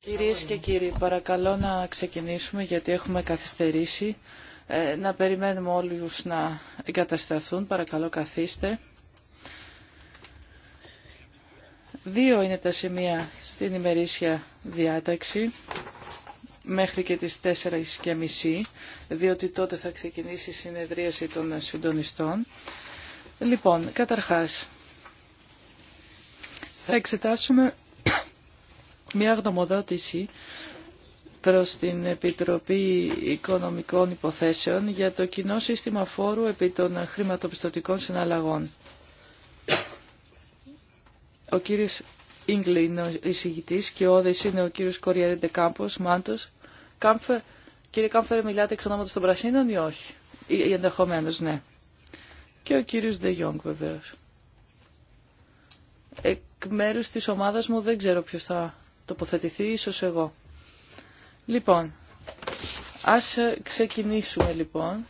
Κυρίες και κύριοι, παρακαλώ να ξεκινήσουμε γιατί έχουμε καθυστερήσει. Ε, να περιμένουμε όλους να εγκατασταθούν. Παρακαλώ καθίστε. Δύο είναι τα σημεία στην ημερήσια διάταξη μέχρι και τις 4.30 και διότι τότε θα ξεκινήσει η συνεδρίαση των συντονιστών. Λοιπόν, καταρχάς, θα εξετάσουμε μια γνωμοδότηση προς την Επιτροπή Οικονομικών Υποθέσεων για το κοινό σύστημα φόρου επί των χρηματοπιστωτικών συναλλαγών. Ο κύριος Ίγκλη είναι ο εισηγητής και ο Όδης είναι ο κύριος Κοριαρίντε Κάμπος, Μάντος. Κάμφε, κύριε Κάμφερ, μιλάτε εξ ονόματος των Πρασίνων ή όχι. Ή, ενδεχομένως, ναι. Και ο κύριος Ντε βεβαίως. Ε, εκ μέρου της ομάδας μου δεν ξέρω ποιο θα τοποθετηθεί, ίσω εγώ. Λοιπόν, ας ε, ξεκινήσουμε λοιπόν.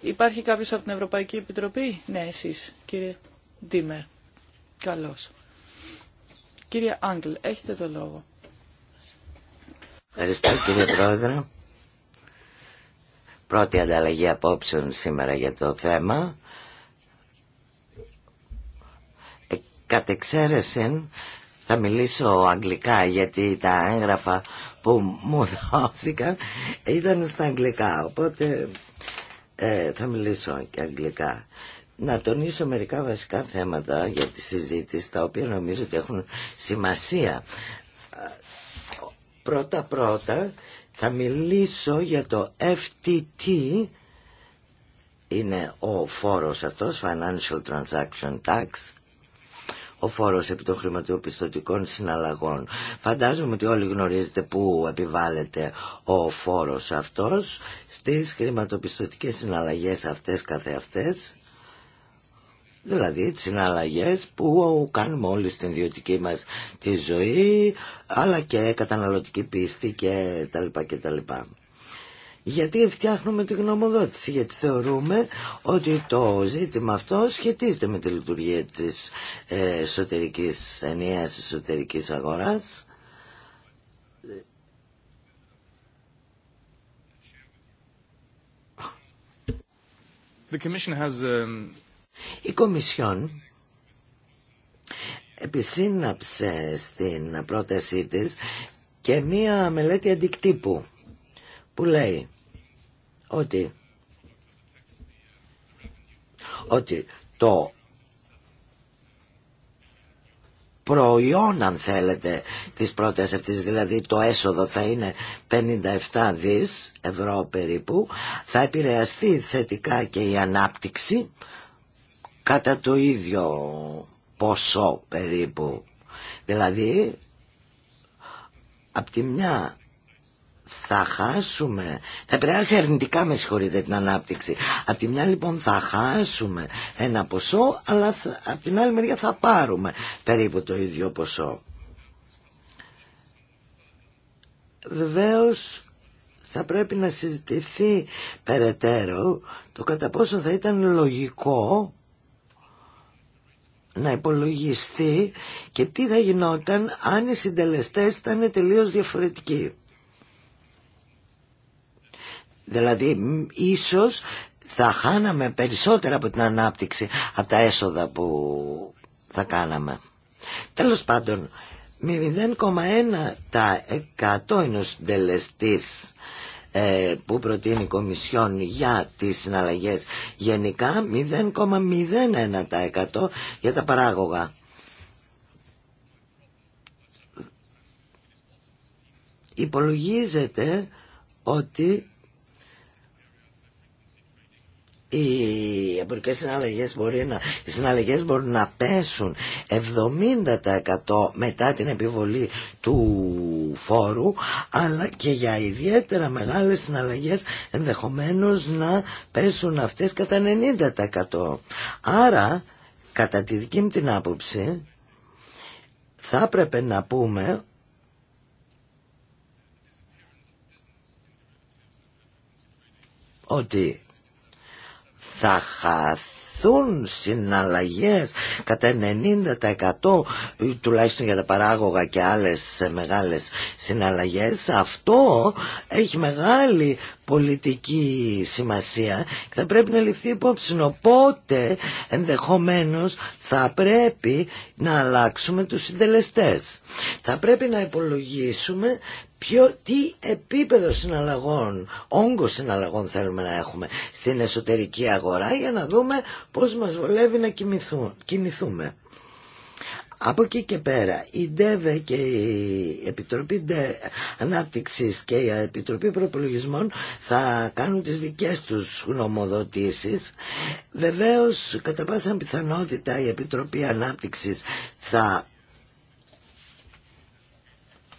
Υπάρχει κάποιος από την Ευρωπαϊκή Επιτροπή? Ναι, εσείς, κύριε Ντίμερ. Καλώς. Κύριε Άγγλ, έχετε το λόγο. Ευχαριστώ κύριε Πρόεδρε. Πρώτη ανταλλαγή απόψεων σήμερα για το θέμα. κατ' θα μιλήσω αγγλικά γιατί τα έγγραφα που μου δόθηκαν ήταν στα αγγλικά οπότε ε, θα μιλήσω και αγγλικά να τονίσω μερικά βασικά θέματα για τη συζήτηση τα οποία νομίζω ότι έχουν σημασία πρώτα πρώτα θα μιλήσω για το FTT είναι ο φόρος αυτός Financial Transaction Tax ο φόρος επί των χρηματοπιστωτικών συναλλαγών. Φαντάζομαι ότι όλοι γνωρίζετε πού επιβάλλεται ο φόρος αυτός στις χρηματοπιστωτικές συναλλαγές αυτές καθεαυτές. Δηλαδή τις συναλλαγές που κάνουμε όλοι στην ιδιωτική μας τη ζωή αλλά και καταναλωτική πίστη και τα και τα λοιπά. Γιατί φτιάχνουμε τη γνωμοδότηση, γιατί θεωρούμε ότι το ζήτημα αυτό σχετίζεται με τη λειτουργία της ε, εσωτερικής, ενιαίας εσωτερικής αγοράς. Um, Η Κομισιόν επισύναψε στην πρότασή της και μία μελέτη αντικτύπου που λέει ότι, ότι το προϊόν αν θέλετε της πρώτες αυτής δηλαδή το έσοδο θα είναι 57 δις ευρώ περίπου θα επηρεαστεί θετικά και η ανάπτυξη κατά το ίδιο ποσό περίπου δηλαδή από τη μια θα χάσουμε, θα περάσει αρνητικά με συγχωρείτε την ανάπτυξη. Απ' τη μια λοιπόν θα χάσουμε ένα ποσό, αλλά θα, απ' την άλλη μεριά θα πάρουμε περίπου το ίδιο ποσό. Βεβαίως θα πρέπει να συζητηθεί περαιτέρω το κατά πόσο θα ήταν λογικό να υπολογιστεί και τι θα γινόταν αν οι συντελεστές ήταν τελείως διαφορετικοί. Δηλαδή, ίσως θα χάναμε περισσότερα από την ανάπτυξη, από τα έσοδα που θα κάναμε. Τέλος πάντων, 0,1% είναι ο συντελεστής ε, που προτείνει η Κομισιόν για τις συναλλαγές. Γενικά 0,01% για τα παράγωγα. Υπολογίζεται ότι οι εμπορικές συναλλαγές, μπορεί να, οι μπορούν να πέσουν 70% μετά την επιβολή του φόρου αλλά και για ιδιαίτερα μεγάλες συναλλαγές ενδεχομένως να πέσουν αυτές κατά 90%. Άρα, κατά τη δική μου την άποψη, θα έπρεπε να πούμε ότι θα χαθούν συναλλαγές κατά 90% τουλάχιστον για τα παράγωγα και άλλες μεγάλες συναλλαγές αυτό έχει μεγάλη πολιτική σημασία και θα πρέπει να ληφθεί υπόψη. Οπότε ενδεχομένως θα πρέπει να αλλάξουμε τους συντελεστές. Θα πρέπει να υπολογίσουμε ποιο, τι επίπεδο συναλλαγών, όγκο συναλλαγών θέλουμε να έχουμε στην εσωτερική αγορά για να δούμε πώς μας βολεύει να κινηθούμε. Από εκεί και πέρα, η ΔΕΒΕ και η Επιτροπή Ανάπτυξη και η Επιτροπή Προπολογισμών θα κάνουν τις δικές τους γνωμοδοτήσεις. Βεβαίως, κατά πάσα πιθανότητα, η Επιτροπή Ανάπτυξης θα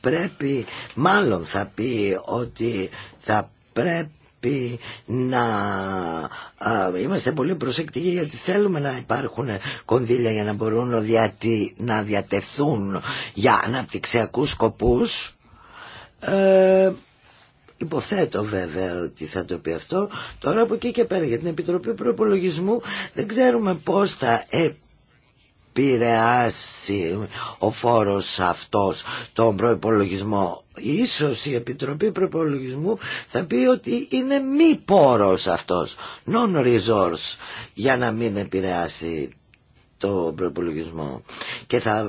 πρέπει, μάλλον θα πει ότι θα πρέπει να είμαστε πολύ προσεκτικοί γιατί θέλουμε να υπάρχουν κονδύλια για να μπορούν να, διατη, να διατεθούν για αναπτυξιακούς σκοπούς ε, Υποθέτω βέβαια ότι θα το πει αυτό. Τώρα από εκεί και πέρα για την Επιτροπή Προπολογισμού δεν ξέρουμε πώς θα επηρεάσει ο φόρος αυτός τον προϋπολογισμό. Ίσως η Επιτροπή Προϋπολογισμού θα πει ότι είναι μη πόρος αυτός, non-resource, για να μην επηρεάσει το προϋπολογισμό. και θα,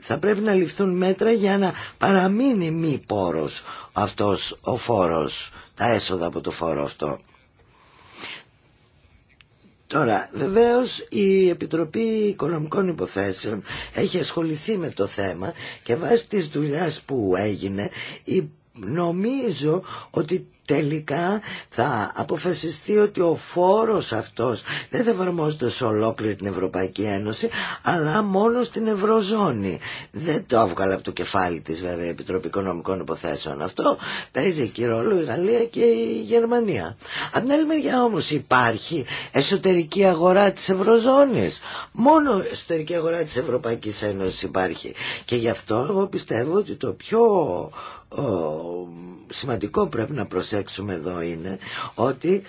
θα πρέπει να ληφθούν μέτρα για να παραμείνει μη πόρος αυτός ο φόρος, τα έσοδα από το φόρο αυτό. Τώρα, βεβαίως η Επιτροπή Οικονομικών Υποθέσεων έχει ασχοληθεί με το θέμα και βάσει της δουλειάς που έγινε νομίζω ότι τελικά θα αποφασιστεί ότι ο φόρος αυτός δεν θα εφαρμόζεται σε ολόκληρη την Ευρωπαϊκή Ένωση αλλά μόνο στην Ευρωζώνη. Δεν το έβγαλε από το κεφάλι της βέβαια η Επιτροπή Οικονομικών Υποθέσεων. Αυτό παίζει εκεί ρόλο η Γαλλία και η Γερμανία. Από την άλλη μεριά όμως υπάρχει εσωτερική αγορά της Ευρωζώνης. Μόνο εσωτερική αγορά της Ευρωπαϊκής Ένωσης υπάρχει. Και γι' αυτό εγώ πιστεύω ότι το πιο σημαντικό πρέπει να προσέξουμε εδώ είναι ότι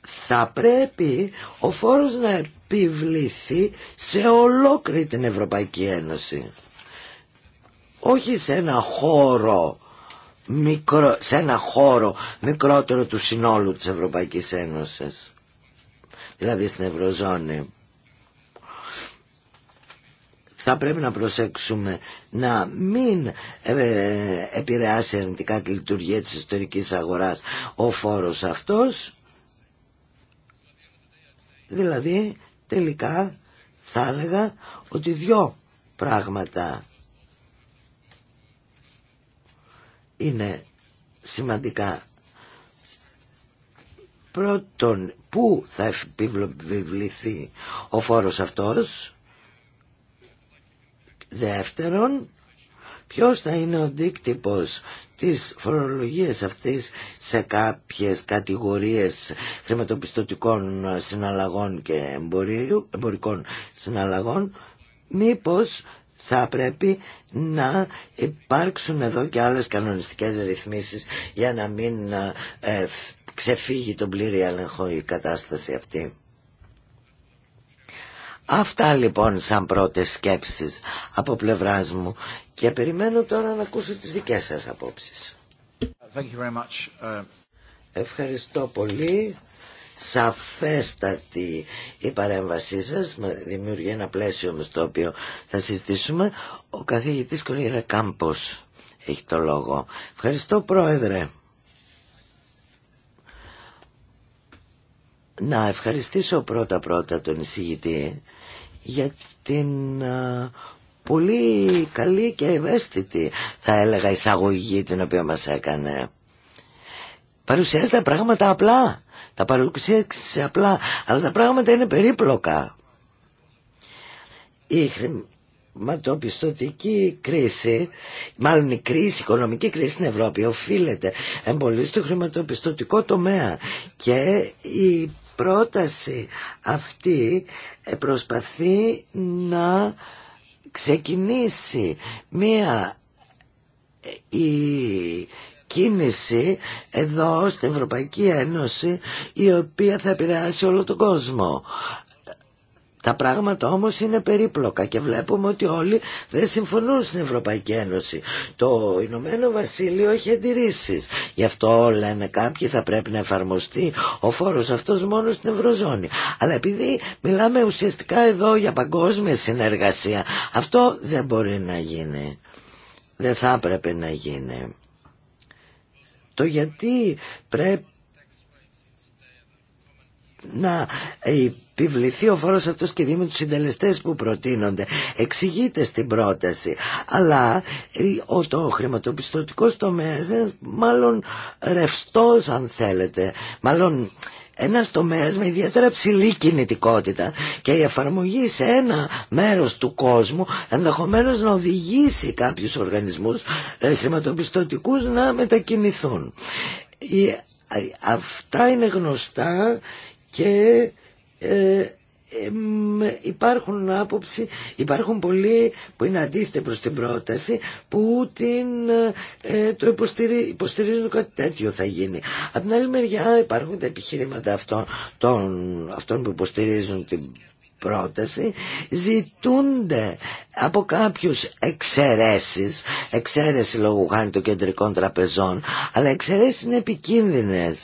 θα πρέπει ο φόρος να επιβληθεί σε ολόκληρη την Ευρωπαϊκή Ένωση. Όχι σε ένα χώρο μικρό, σε ένα χώρο μικρότερο του συνόλου της Ευρωπαϊκής Ένωσης. Δηλαδή στην Ευρωζώνη θα πρέπει να προσέξουμε να μην ε, επηρεάσει αρνητικά τη λειτουργία της ιστορικής αγοράς ο φόρος αυτός δηλαδή τελικά θα έλεγα ότι δυο πράγματα είναι σημαντικά πρώτον πού θα επιβληθεί ο φόρος αυτός Δεύτερον, ποιος θα είναι ο δίκτυπος της φορολογίας αυτής σε κάποιες κατηγορίες χρηματοπιστωτικών συναλλαγών και εμπορικών συναλλαγών, μήπως θα πρέπει να υπάρξουν εδώ και άλλες κανονιστικές ρυθμίσεις για να μην ε, ξεφύγει τον πλήρη έλεγχο η κατάσταση αυτή. Αυτά λοιπόν σαν πρώτες σκέψεις από πλευράς μου και περιμένω τώρα να ακούσω τις δικές σας απόψεις. Uh, Ευχαριστώ πολύ. Σαφέστατη η παρέμβασή σας δημιουργεί ένα πλαίσιο με το οποίο θα συζητήσουμε. Ο καθηγητής Κορίρα Κάμπος έχει το λόγο. Ευχαριστώ πρόεδρε. Να ευχαριστήσω πρώτα πρώτα τον εισηγητή για την ε, πολύ καλή και ευαίσθητη θα έλεγα εισαγωγή την οποία μας έκανε. Παρουσιάζει τα πράγματα απλά. Τα παρουσιάζει απλά, αλλά τα πράγματα είναι περίπλοκα. Η χρηματοπιστωτική κρίση, μάλλον η κρίση, η οικονομική κρίση στην Ευρώπη οφείλεται εμπολίσει το χρηματοπιστωτικό τομέα και η πρόταση αυτή προσπαθεί να ξεκινήσει μία η κίνηση εδώ στην Ευρωπαϊκή Ένωση η οποία θα επηρεάσει όλο τον κόσμο. Τα πράγματα όμως είναι περίπλοκα και βλέπουμε ότι όλοι δεν συμφωνούν στην Ευρωπαϊκή Ένωση. Το Ηνωμένο Βασίλειο έχει αντιρρήσεις. Γι' αυτό λένε κάποιοι θα πρέπει να εφαρμοστεί ο φόρος αυτός μόνο στην Ευρωζώνη. Αλλά επειδή μιλάμε ουσιαστικά εδώ για παγκόσμια συνεργασία, αυτό δεν μπορεί να γίνει. Δεν θα έπρεπε να γίνει. Το γιατί πρέπει να επιβληθεί ο φόρος αυτός και με τους συντελεστές που προτείνονται. Εξηγείται στην πρόταση. Αλλά ε, ο, το χρηματοπιστωτικός τομέας είναι μάλλον ρευστός αν θέλετε. Μάλλον ένας τομέας με ιδιαίτερα ψηλή κινητικότητα και η εφαρμογή σε ένα μέρος του κόσμου ενδεχομένως να οδηγήσει κάποιους οργανισμούς ε, χρηματοπιστωτικούς να μετακινηθούν. αυτά είναι γνωστά και ε, ε, υπάρχουν άποψη, υπάρχουν πολλοί που είναι αντίθετοι προς την πρόταση που την, ε, το υποστηρίζουν, ότι κάτι τέτοιο θα γίνει. Από την άλλη μεριά υπάρχουν τα επιχειρήματα αυτών, των, που υποστηρίζουν την πρόταση ζητούνται από κάποιους εξαιρέσεις εξαίρεση λόγω χάνει των κεντρικών τραπεζών αλλά εξαιρέσεις είναι επικίνδυνες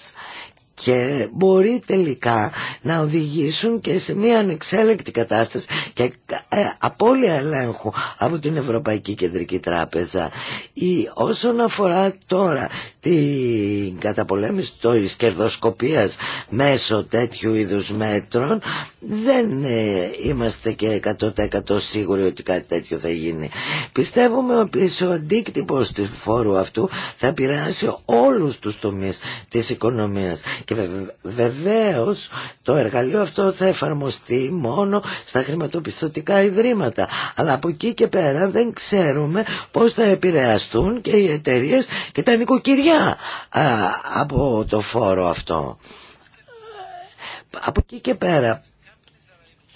και μπορεί τελικά να οδηγήσουν και σε μια ανεξέλεκτη κατάσταση και ε, απώλεια ελέγχου από την Ευρωπαϊκή Κεντρική Τράπεζα. Ή όσον αφορά τώρα την καταπολέμηση της κερδοσκοπίας μέσω τέτοιου είδους μέτρων δεν ε, είμαστε και 100% σίγουροι ότι κάτι τέτοιο θα γίνει. Πιστεύουμε ότι ο αντίκτυπος του φόρου αυτού θα επηρεάσει όλους τους τομείς της οικονομίας και βεβαίως το εργαλείο αυτό θα εφαρμοστεί μόνο στα χρηματοπιστωτικά ιδρύματα αλλά από εκεί και πέρα δεν ξέρουμε πώς θα επηρεαστούν και οι εταιρείε και τα νοικοκυριά από το φόρο αυτό. Από εκεί και πέρα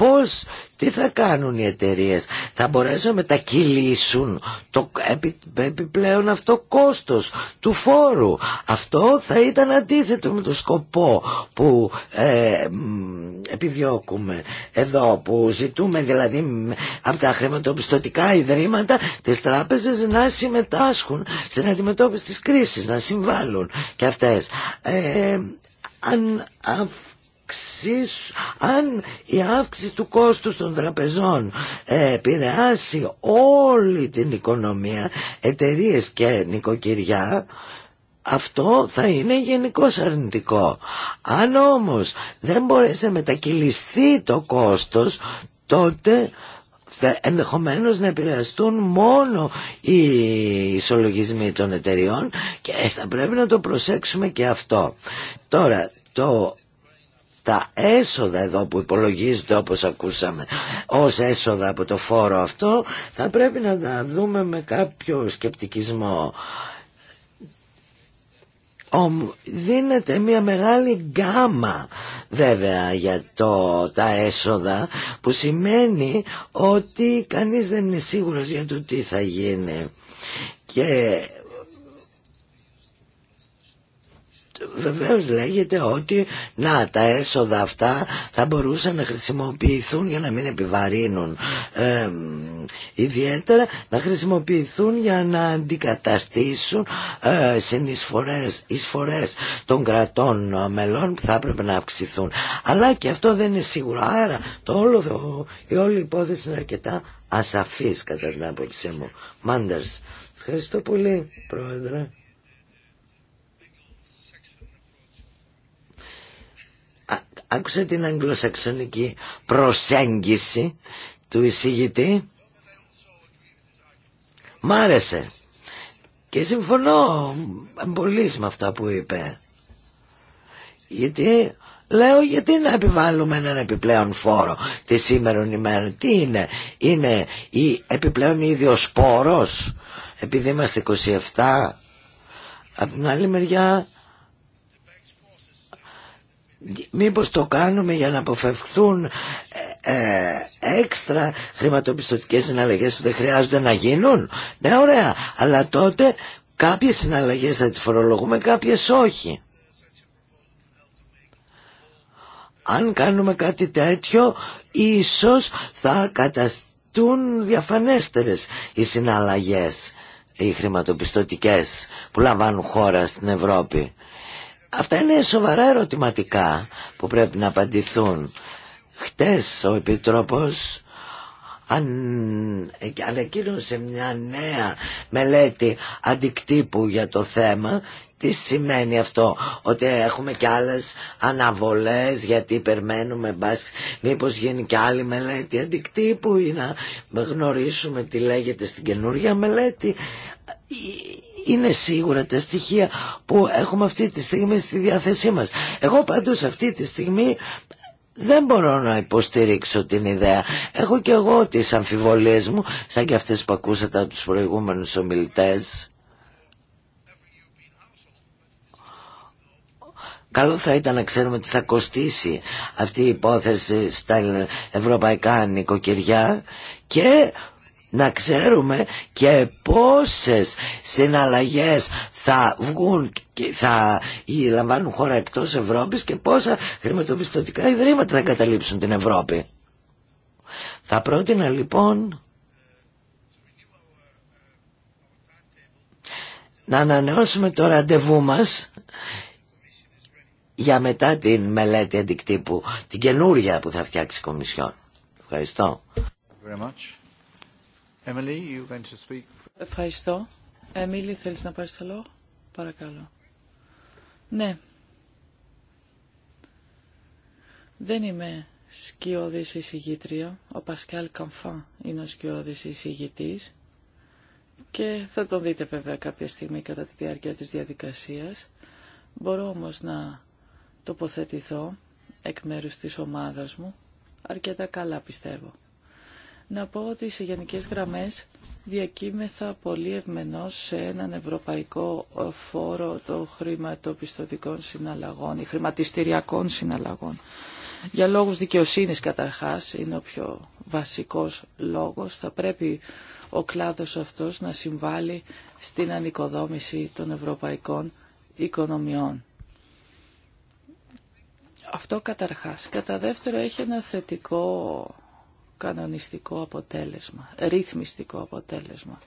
Πώς, τι θα κάνουν οι εταιρείε, θα μπορέσουν να μετακυλήσουν το επιπλέον αυτό κόστος του φόρου. Αυτό θα ήταν αντίθετο με το σκοπό που ε, επιδιώκουμε εδώ, που ζητούμε δηλαδή από τα χρηματοπιστωτικά ιδρύματα τις τράπεζες να συμμετάσχουν στην αντιμετώπιση της κρίσης, να συμβάλλουν και αυτές. Ε, αν, αυξήσουν, αν η αύξηση του κόστου των τραπεζών ε, επηρεάσει όλη την οικονομία, εταιρείε και νοικοκυριά, αυτό θα είναι γενικώ αρνητικό. Αν όμω δεν μπορέσει να μετακυλιστεί το κόστο, τότε ενδεχομένως να επηρεαστούν μόνο οι ισολογισμοί των εταιριών και θα πρέπει να το προσέξουμε και αυτό. Τώρα, το τα έσοδα εδώ που υπολογίζονται όπως ακούσαμε ως έσοδα από το φόρο αυτό θα πρέπει να τα δούμε με κάποιο σκεπτικισμό δίνεται μια μεγάλη γκάμα βέβαια για το, τα έσοδα που σημαίνει ότι κανείς δεν είναι σίγουρος για το τι θα γίνει και βεβαίως λέγεται ότι να τα έσοδα αυτά θα μπορούσαν να χρησιμοποιηθούν για να μην επιβαρύνουν ιδιαίτερα να χρησιμοποιηθούν για να αντικαταστήσουν ε, συνεισφορές, εισφορές των κρατών μελών που θα έπρεπε να αυξηθούν αλλά και αυτό δεν είναι σίγουρο άρα το όλο, το, η όλη υπόθεση είναι αρκετά ασαφής κατά την άποψή μου Μάντερς Ευχαριστώ πολύ, Πρόεδρε. άκουσα την αγγλοσαξονική προσέγγιση του εισηγητή. Μ' άρεσε. Και συμφωνώ πολύ με αυτά που είπε. Γιατί λέω γιατί να επιβάλλουμε έναν επιπλέον φόρο τη σήμερα ημέρα. Τι είναι, είναι η επιπλέον ίδιο σπόρος επειδή είμαστε 27. Από την άλλη μεριά Μήπως το κάνουμε για να αποφευχθούν ε, ε, έξτρα χρηματοπιστωτικές συναλλαγές που δεν χρειάζονται να γίνουν. Ναι, ωραία. Αλλά τότε κάποιες συναλλαγές θα τις φορολογούμε, κάποιες όχι. Αν κάνουμε κάτι τέτοιο, ίσως θα καταστούν διαφανέστερες οι συναλλαγές, οι χρηματοπιστωτικές που λαμβάνουν χώρα στην Ευρώπη. Αυτά είναι σοβαρά ερωτηματικά που πρέπει να απαντηθούν. Χτες ο Επιτρόπος ανακοίνωσε μια νέα μελέτη αντικτύπου για το θέμα τι σημαίνει αυτό, ότι έχουμε και άλλες αναβολές γιατί περιμένουμε μπας, μήπως γίνει και άλλη μελέτη αντικτύπου ή να γνωρίσουμε τι λέγεται στην καινούργια μελέτη είναι σίγουρα τα στοιχεία που έχουμε αυτή τη στιγμή στη διάθεσή μας. Εγώ πάντως αυτή τη στιγμή δεν μπορώ να υποστηρίξω την ιδέα. Έχω και εγώ τις αμφιβολίες μου, σαν και αυτές που ακούσατε από τους προηγούμενους ομιλητές. Καλό θα ήταν να ξέρουμε τι θα κοστίσει αυτή η υπόθεση στα ευρωπαϊκά νοικοκυριά και να ξέρουμε και πόσες συναλλαγές θα βγουν και θα λαμβάνουν χώρα εκτός Ευρώπης και πόσα χρηματοπιστωτικά ιδρύματα θα καταλήψουν την Ευρώπη. Θα πρότεινα λοιπόν να ανανεώσουμε το ραντεβού μας για μετά την μελέτη αντικτύπου, την καινούρια που θα φτιάξει η Κομισιόν. Ευχαριστώ. Ευχαριστώ. Εμίλη, θέλεις να πάρεις το λόγο? Παρακαλώ. Ναι. Δεν είμαι σκιώδης εισηγήτρια. Ο Πασκάλ Καμφά είναι ο σκιώδης εισηγητής. Και θα τον δείτε βέβαια κάποια στιγμή κατά τη διάρκεια της διαδικασίας. Μπορώ όμως να τοποθετηθώ εκ μέρους της ομάδας μου αρκετά καλά πιστεύω. Να πω ότι σε γενικές γραμμές διακύμεθα πολύ ευμενώς σε έναν ευρωπαϊκό ε, φόρο των χρηματοπιστωτικών συναλλαγών ή χρηματιστηριακών συναλλαγών. Για λόγους δικαιοσύνης καταρχάς είναι ο πιο βασικός λόγος. Θα πρέπει ο κλάδος αυτός να συμβάλλει στην ανοικοδόμηση των ευρωπαϊκών οικονομιών. Αυτό καταρχάς. Κατά δεύτερο έχει ένα θετικό κανονιστικό αποτέλεσμα, ρυθμιστικό αποτέλεσμα.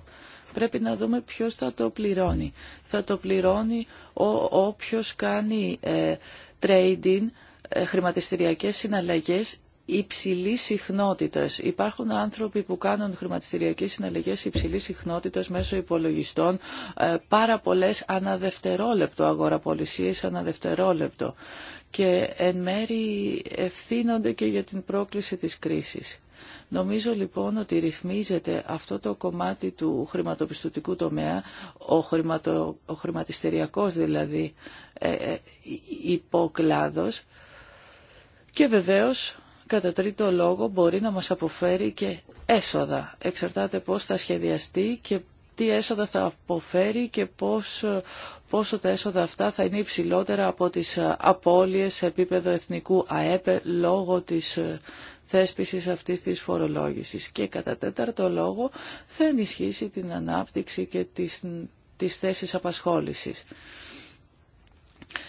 Πρέπει να δούμε ποιος θα το πληρώνει. Θα το πληρώνει ο, όποιος κάνει ε, trading, ε, χρηματιστηριακές συναλλαγές υψηλής συχνότητας. Υπάρχουν άνθρωποι που κάνουν χρηματιστηριακές συναλλαγές υψηλής συχνότητας μέσω υπολογιστών ε, πάρα πολλές αναδευτερόλεπτο αγοραπολισίες, αναδευτερόλεπτο και εν μέρη ευθύνονται και για την πρόκληση της κρίσης. Νομίζω λοιπόν ότι ρυθμίζεται αυτό το κομμάτι του χρηματοπιστωτικού τομέα, ο, χρηματο, ο χρηματιστηριακός δηλαδή ε, ε, υποκλάδος και βεβαίως κατά τρίτο λόγο μπορεί να μας αποφέρει και έσοδα. Εξαρτάται πώς θα σχεδιαστεί και τι έσοδα θα αποφέρει και πώς, πόσο τα έσοδα αυτά θα είναι υψηλότερα από τις απώλειες σε επίπεδο εθνικού ΑΕΠΕ λόγω της θέσπισης αυτής της φορολόγησης και κατά τέταρτο λόγο θα ενισχύσει την ανάπτυξη και τις, τις θέσεις απασχόλησης.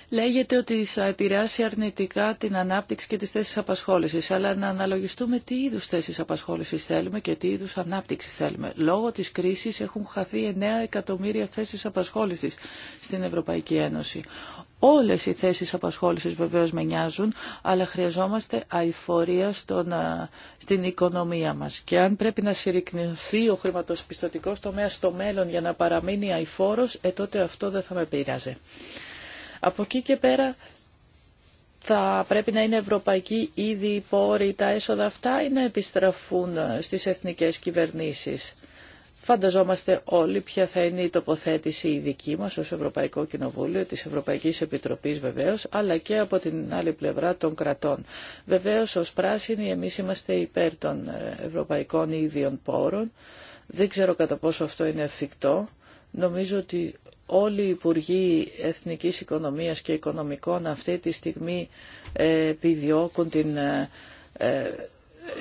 Λέγεται ότι θα επηρεάσει αρνητικά την ανάπτυξη και τις θέσεις απασχόλησης, αλλά να αναλογιστούμε τι είδους θέσεις απασχόλησης θέλουμε και τι είδους ανάπτυξη θέλουμε. Λόγω της κρίσης έχουν χαθεί 9 εκατομμύρια θέσεις απασχόλησης στην Ευρωπαϊκή Ένωση. Όλες οι θέσεις απασχόλησης βεβαίως με νοιάζουν, αλλά χρειαζόμαστε αηφορία στον, ε, στην οικονομία μας. Και αν πρέπει να συρρυκνηθεί ο χρηματοπιστωτικός τομέας στο μέλλον για να παραμείνει αηφόρος, ε, τότε αυτό δεν θα με πειράζει. Από εκεί και πέρα θα πρέπει να είναι ευρωπαϊκή ήδη οι πόροι, τα έσοδα αυτά ή να επιστραφούν ε, στις εθνικές κυβερνήσεις. Φανταζόμαστε όλοι ποια θα είναι η τοποθέτηση η δική μας ως Ευρωπαϊκό Κοινοβούλιο, της Ευρωπαϊκής Επιτροπής βεβαίως, αλλά και από την άλλη πλευρά των κρατών. Βεβαίως ως πράσινοι εμείς είμαστε υπέρ των ε, ευρωπαϊκών ίδιων πόρων. Δεν ξέρω κατά πόσο αυτό είναι εφικτό. Νομίζω ότι όλοι οι Υπουργοί Εθνικής Οικονομίας και Οικονομικών αυτή τη στιγμή ε, επιδιώκουν την ε,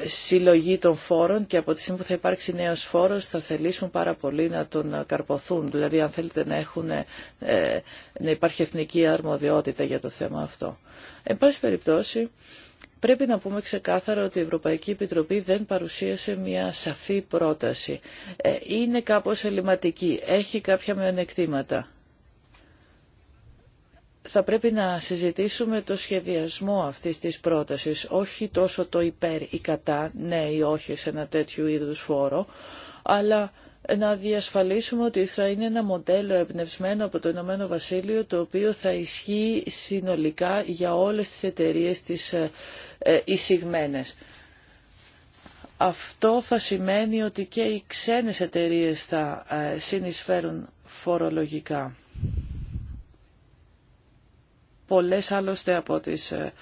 συλλογή των φόρων και από τη στιγμή που θα υπάρξει νέος φόρος θα θελήσουν πάρα πολύ να τον καρποθούν. Δηλαδή αν θέλετε να, έχουν, ε, να υπάρχει εθνική αρμοδιότητα για το θέμα αυτό. Εν πάση περιπτώσει πρέπει να πούμε ξεκάθαρα ότι η Ευρωπαϊκή Επιτροπή δεν παρουσίασε μια σαφή πρόταση. Ε, είναι κάπως ελληματική, έχει κάποια μειονεκτήματα θα πρέπει να συζητήσουμε το σχεδιασμό αυτής της πρότασης, όχι τόσο το υπέρ ή κατά, ναι ή όχι σε ένα τέτοιο είδους φόρο, αλλά να διασφαλίσουμε ότι θα είναι ένα μοντέλο εμπνευσμένο από το Ηνωμένο Βασίλειο, το οποίο θα ισχύει συνολικά για όλες τις εταιρείες τις ε, ε, εισηγμένες. Αυτό θα σημαίνει ότι και οι ξένες εταιρείες θα ε, συνεισφέρουν φορολογικά πολλές άλλωστε από τις ε,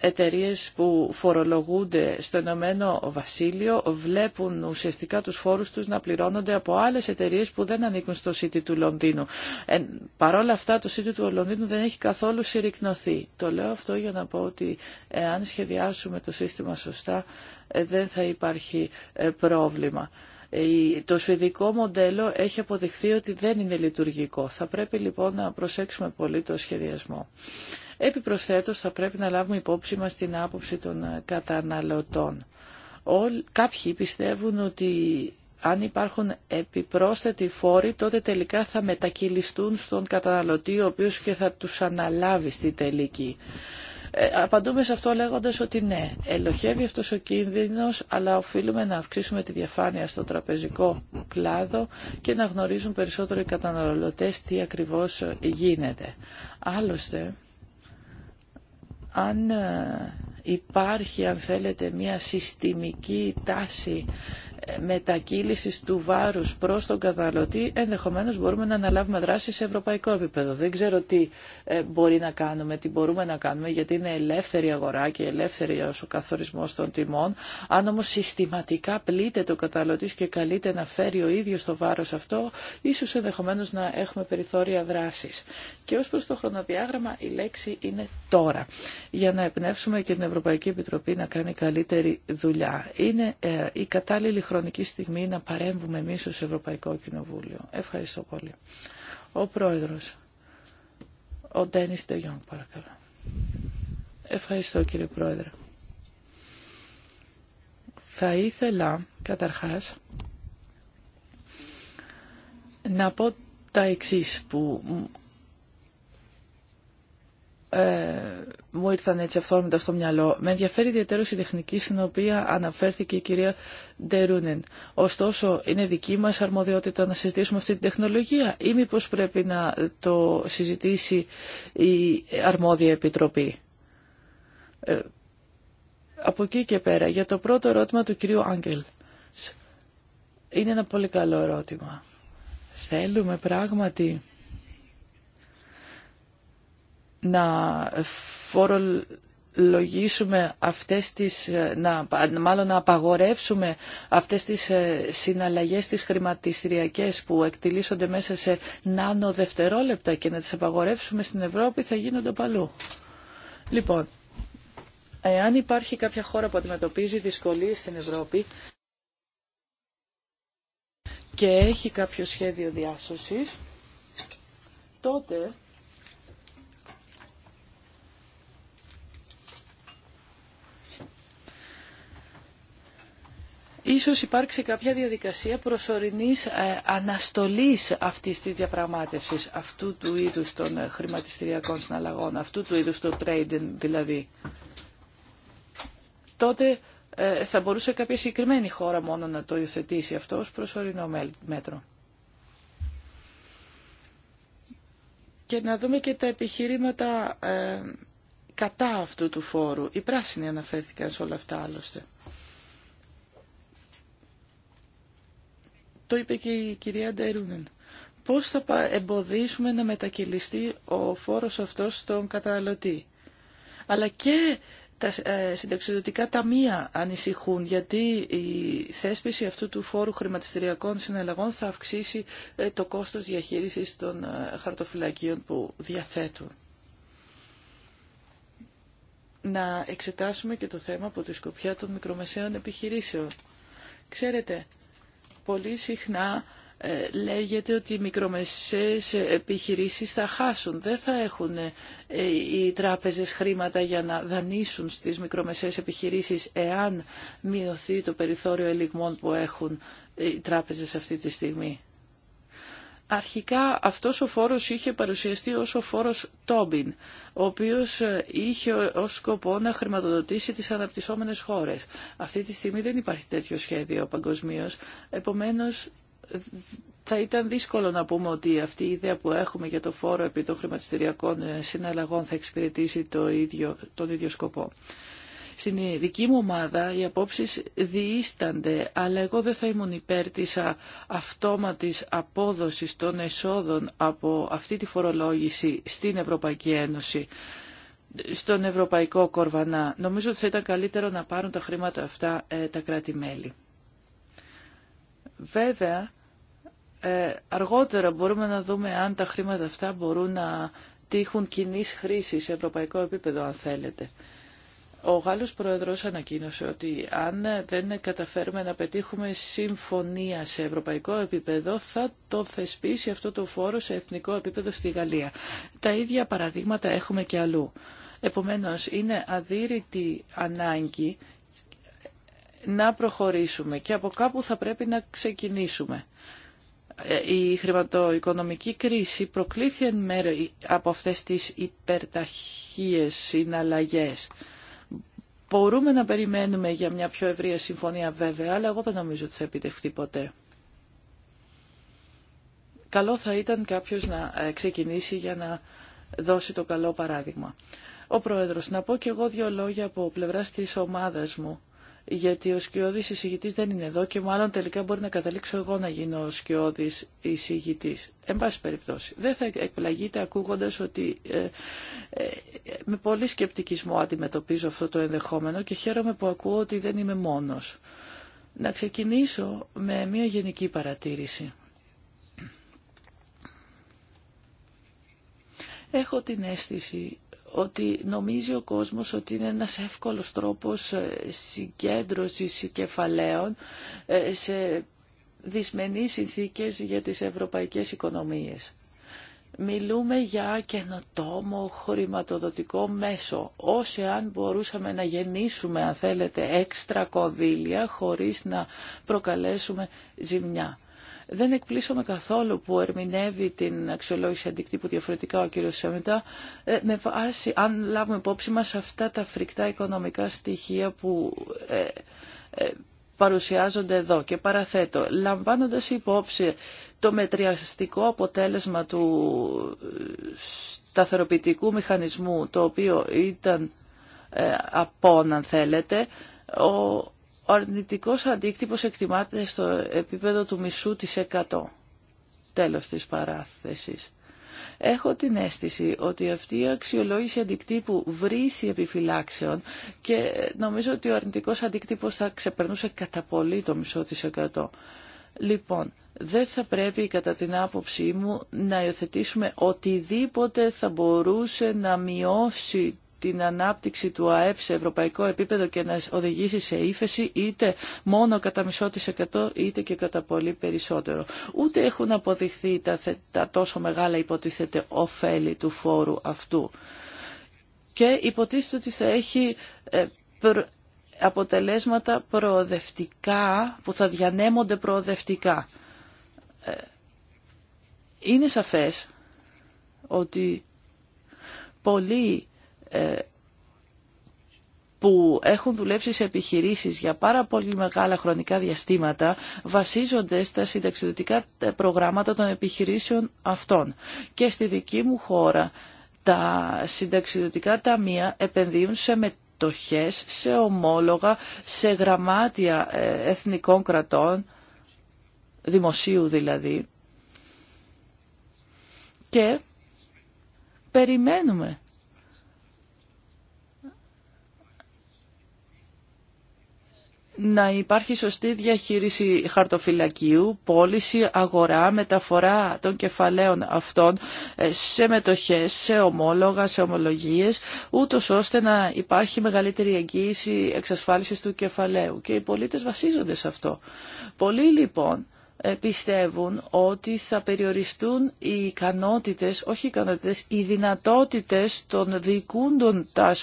εταιρείες που φορολογούνται στο Ηνωμένο Βασίλειο βλέπουν ουσιαστικά τους φόρους τους να πληρώνονται από άλλες εταιρείες που δεν ανήκουν στο City του Λονδίνου. Ε, παρόλα αυτά το City του Λονδίνου δεν έχει καθόλου συρρυκνωθεί. Το λέω αυτό για να πω ότι εάν σχεδιάσουμε το σύστημα σωστά ε, δεν θα υπάρχει ε, πρόβλημα. Ε, το σουηδικό μοντέλο έχει αποδειχθεί ότι δεν είναι λειτουργικό. Θα πρέπει λοιπόν να προσέξουμε πολύ το σχεδιασμό. Επιπροσθέτως θα πρέπει να λάβουμε υπόψη μας την άποψη των ε, καταναλωτών. Κάποιοι πιστεύουν ότι αν υπάρχουν επιπρόσθετοι φόροι, τότε τελικά θα μετακυλιστούν στον καταναλωτή, ο οποίος και θα τους αναλάβει στη τελική. Ε, απαντούμε σε αυτό λέγοντας ότι ναι, ελοχεύει αυτός ο κίνδυνος, αλλά οφείλουμε να αυξήσουμε τη διαφάνεια στο τραπεζικό κλάδο και να γνωρίζουν περισσότερο οι καταναλωτές τι ακριβώς γίνεται. Άλλωστε, αν ε, υπάρχει, αν θέλετε, μια συστημική τάση μετακύλησης του βάρους προς τον καταναλωτή, ενδεχομένως μπορούμε να αναλάβουμε δράση σε ευρωπαϊκό επίπεδο. Δεν ξέρω τι ε, μπορεί να κάνουμε, τι μπορούμε να κάνουμε, γιατί είναι ελεύθερη αγορά και ελεύθερη ο καθορισμός των τιμών. Αν όμως συστηματικά πλήττεται το καταναλωτής και καλείται να φέρει ο ίδιος το βάρος αυτό, ίσως ενδεχομένως να έχουμε περιθώρια δράσης. Και ως προς το χρονοδιάγραμμα η λέξη είναι τώρα, για να εμπνεύσουμε και την Ευρωπαϊκή Επιτροπή να κάνει καλύτερη δουλειά. Είναι ε, η κατάλληλη χρονική στιγμή να παρέμβουμε εμείς ως Ευρωπαϊκό Κοινοβούλιο. Ευχαριστώ πολύ. Ο Πρόεδρος, ο Ντένις Τεγιόν, παρακαλώ. Ευχαριστώ κύριε Πρόεδρε. Θα ήθελα καταρχάς να πω τα εξής που ε, μου ήρθαν έτσι αυθόρμητα στο μυαλό. Με ενδιαφέρει ιδιαίτερω η τεχνική στην οποία αναφέρθηκε η κυρία Ντερούνεν. Ωστόσο, είναι δική μα αρμοδιότητα να συζητήσουμε αυτή την τεχνολογία ή μήπω πρέπει να το συζητήσει η αρμόδια επιτροπή. Ε, από εκεί και πέρα, για το πρώτο ερώτημα του κυρίου Άγγελ. Είναι ένα πολύ καλό ερώτημα. Θέλουμε πράγματι να φορολογήσουμε αυτές τις, να, μάλλον να απαγορεύσουμε αυτές τις ε, συναλλαγές τις χρηματιστηριακές που εκτιλήσονται μέσα σε νάνο δευτερόλεπτα και να τις απαγορεύσουμε στην Ευρώπη θα γίνονται παλού. Λοιπόν, εάν υπάρχει κάποια χώρα που αντιμετωπίζει δυσκολίες στην Ευρώπη και έχει κάποιο σχέδιο διάσωσης, τότε ίσως υπάρξει κάποια διαδικασία προσωρινής ε, αναστολής αυτής της διαπραγμάτευσης, αυτού του είδους των ε, χρηματιστηριακών συναλλαγών, αυτού του είδους του trading δηλαδή. Τότε ε, θα μπορούσε κάποια συγκεκριμένη χώρα μόνο να το υιοθετήσει αυτό ως προσωρινό μέτρο. Και να δούμε και τα επιχειρήματα κατά αυτού του φόρου. Οι πράσινοι αναφέρθηκαν σε όλα αυτά άλλωστε. Το είπε και η κυρία Ντερούνεν. Πώς θα εμποδίσουμε να μετακυλιστεί ο φόρος αυτός στον καταναλωτή. Αλλά και τα ε, συνταξιδοτικά ταμεία ανησυχούν γιατί η θέσπιση αυτού του φόρου χρηματιστηριακών συναλλαγών θα αυξήσει ε, το κόστος διαχείρισης των ε, χαρτοφυλακίων που διαθέτουν. Να εξετάσουμε και το θέμα από τη σκοπιά των μικρομεσαίων επιχειρήσεων. Ξέρετε, πολύ συχνά ε, λέγεται ότι οι μικρομεσαίες ε, επιχειρήσεις θα χάσουν. Δεν θα έχουν ε, οι τράπεζες χρήματα για να δανείσουν στις μικρομεσαίες επιχειρήσεις εάν μειωθεί το περιθώριο ελιγμών που έχουν οι τράπεζες αυτή τη στιγμή. Αρχικά αυτός ο φόρος είχε παρουσιαστεί ως ο φόρος Τόμπιν, ο οποίος ε, είχε ως σκοπό να χρηματοδοτήσει τις αναπτυσσόμενες χώρες. Αυτή τη στιγμή δεν υπάρχει τέτοιο σχέδιο παγκοσμίω. επομένως θα ήταν δύσκολο να πούμε ότι αυτή η ιδέα που έχουμε για το φόρο επί των χρηματιστηριακών συναλλαγών θα εξυπηρετήσει το ίδιο, τον ίδιο σκοπό. Στην δική μου ομάδα οι απόψεις διήστανται, αλλά εγώ δεν θα ήμουν υπέρ της αυτόματης απόδοσης των εσόδων από αυτή τη φορολόγηση στην Ευρωπαϊκή Ένωση στον ευρωπαϊκό κορβανά. Νομίζω ότι θα ήταν καλύτερο να πάρουν τα χρήματα αυτά ε, τα κράτη-μέλη. Βέβαια, ε, αργότερα μπορούμε να δούμε αν τα χρήματα αυτά μπορούν να τύχουν κοινή χρήση σε ευρωπαϊκό επίπεδο, αν θέλετε. Ο Γάλλος Πρόεδρος ανακοίνωσε ότι αν δεν καταφέρουμε να πετύχουμε συμφωνία σε ευρωπαϊκό επίπεδο θα το θεσπίσει αυτό το φόρο σε εθνικό επίπεδο στη Γαλλία. Τα ίδια παραδείγματα έχουμε και αλλού. Επομένως είναι αδύρυτη ανάγκη να προχωρήσουμε και από κάπου θα πρέπει να ξεκινήσουμε. Ε, η χρηματοοικονομική κρίση προκλήθηκε εν από αυτές τις υπερταχείες συναλλαγές. Μπορούμε να περιμένουμε για μια πιο ευρεία συμφωνία βέβαια, αλλά εγώ δεν νομίζω ότι θα επιτευχθεί ποτέ. Καλό θα ήταν κάποιος να ε, ξεκινήσει για να δώσει το καλό παράδειγμα. Ο Πρόεδρος, να πω και εγώ δύο λόγια από πλευράς της ομάδας μου γιατί ο σκιώδης εισηγητής δεν είναι εδώ και μάλλον τελικά μπορεί να καταλήξω εγώ να γίνω ο σκιώδης εισηγητής. Εν πάση περιπτώσει, δεν θα εκπλαγείτε ακούγοντας ότι ε, ε, με πολύ σκεπτικισμό αντιμετωπίζω αυτό το ενδεχόμενο και χαίρομαι που ακούω ότι δεν είμαι μόνος. Να ξεκινήσω με μια γενική παρατήρηση. Έχω την αίσθηση ότι νομίζει ο κόσμος ότι είναι ένας εύκολος τρόπος ε, συγκέντρωσης κεφαλαίων ε, σε δυσμενείς συνθήκες για τις ευρωπαϊκές οικονομίες. Μιλούμε για καινοτόμο χρηματοδοτικό μέσο, όσο αν μπορούσαμε να γεννήσουμε, αν θέλετε, έξτρα κονδύλια χωρίς να προκαλέσουμε ζημιά. Δεν εκπλήσωμαι καθόλου που ερμηνεύει την αξιολόγηση αντικτύπου διαφορετικά ο κύριος Σέμετα ε, με βάση, αν λάβουμε υπόψη μας, αυτά τα φρικτά οικονομικά στοιχεία που ε, ε, παρουσιάζονται εδώ και παραθέτω, λαμβάνοντας υπόψη το μετριαστικό αποτέλεσμα του σταθεροποιητικού μηχανισμού, το οποίο ήταν ε, απόν αν θέλετε, ο, ο αρνητικός αντίκτυπος εκτιμάται στο επίπεδο του μισού της εκατό. Τέλος της παράθεσης. Έχω την αίσθηση ότι αυτή η αξιολόγηση αντικτύπου βρήθη επιφυλάξεων και νομίζω ότι ο αρνητικός αντικτύπος θα ξεπερνούσε κατά πολύ το μισό της εκατό. Λοιπόν, δεν θα πρέπει κατά την άποψή μου να υιοθετήσουμε οτιδήποτε θα μπορούσε να μειώσει την ανάπτυξη του ΑΕΠ σε ευρωπαϊκό επίπεδο και να οδηγήσει σε ύφεση είτε μόνο κατά μισό της εκατό είτε και κατά πολύ περισσότερο. Ούτε έχουν αποδειχθεί τα, τόσο μεγάλα υποτίθεται ωφέλη του φόρου αυτού. Και υποτίθεται ότι θα έχει ε, αποτελέσματα προοδευτικά που θα διανέμονται προοδευτικά. Ε, είναι σαφές ότι πολλοί ε, που έχουν δουλέψει σε επιχειρήσεις για πάρα πολύ μεγάλα χρονικά διαστήματα βασίζονται στα συνταξιδοτικά προγράμματα των επιχειρήσεων αυτών. Και στη δική μου χώρα τα συνταξιδοτικά ταμεία επενδύουν σε μετοχές, σε ομόλογα, σε γραμμάτια ε, εθνικών κρατών, δημοσίου δηλαδή. Και περιμένουμε να υπάρχει σωστή διαχείριση χαρτοφυλακίου, πώληση, αγορά, μεταφορά των κεφαλαίων αυτών ε, σε μετοχές, σε ομόλογα, σε ομολογίες, ούτως ώστε να υπάρχει μεγαλύτερη εγγύηση εξασφάλισης του κεφαλαίου. Και οι πολίτες βασίζονται σε αυτό. Πολλοί λοιπόν ε, πιστεύουν ότι θα περιοριστούν οι ικανότητες, όχι οι ικανότητες, οι δυνατότητες των διοικούντων τα,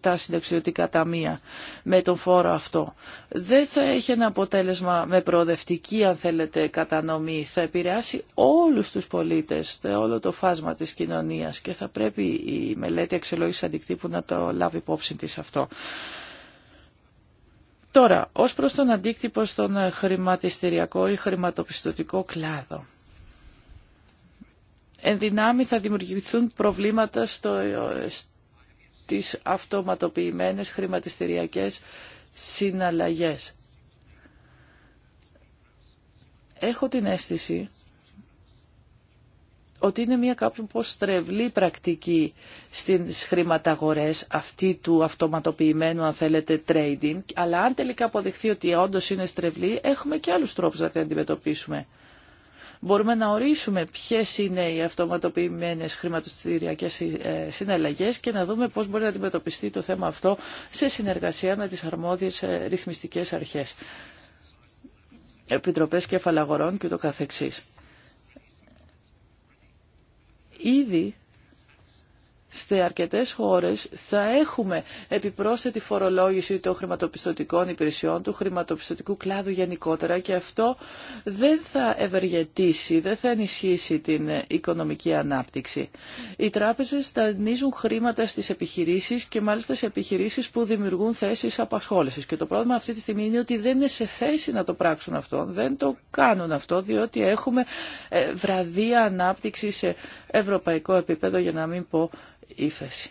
τα συνταξιωτικά ταμεία με τον φόρο αυτό. Δεν θα έχει ένα αποτέλεσμα με προοδευτική, αν θέλετε, κατανομή. Θα επηρεάσει όλους τους πολίτες, όλο το φάσμα της κοινωνίας και θα πρέπει η μελέτη αξιολόγηση αντικτύπου να το λάβει υπόψη της αυτό. Τώρα, ως προς τον αντίκτυπο στον ε, χρηματιστηριακό ή χρηματοπιστωτικό κλάδο. Εν δυνάμει θα δημιουργηθούν προβλήματα στο, ε, στις αυτοματοποιημένες χρηματιστηριακές συναλλαγές. Έχω την αίσθηση ότι είναι μια πως στρεβλή πρακτική στις χρηματαγορές αυτή του αυτοματοποιημένου αν θέλετε trading αλλά αν τελικά αποδειχθεί ότι όντω είναι στρεβλή έχουμε και άλλους τρόπους να την αντιμετωπίσουμε. Μπορούμε να ορίσουμε ποιες είναι οι αυτοματοποιημένες χρηματοστηριακές ε, συναλλαγές και να δούμε πώς μπορεί να αντιμετωπιστεί το θέμα αυτό σε συνεργασία με τις αρμόδιες ε, ρυθμιστικές αρχές, επιτροπές κεφαλαγορών και το καθεξής ήδη σε αρκετές χώρες θα έχουμε επιπρόσθετη φορολόγηση των χρηματοπιστωτικών υπηρεσιών, του χρηματοπιστωτικού κλάδου γενικότερα και αυτό δεν θα ευεργετήσει, δεν θα ενισχύσει την οικονομική ανάπτυξη. Οι τράπεζες νίζουν χρήματα στις επιχειρήσεις και μάλιστα σε επιχειρήσεις που δημιουργούν θέσεις απασχόλησης. Και το πρόβλημα αυτή τη στιγμή είναι ότι δεν είναι σε θέση να το πράξουν αυτό, δεν το κάνουν αυτό, διότι έχουμε ε, βραδία ανάπτυξη σε ευρωπαϊκό επίπεδο, για να μην πω ύφεση.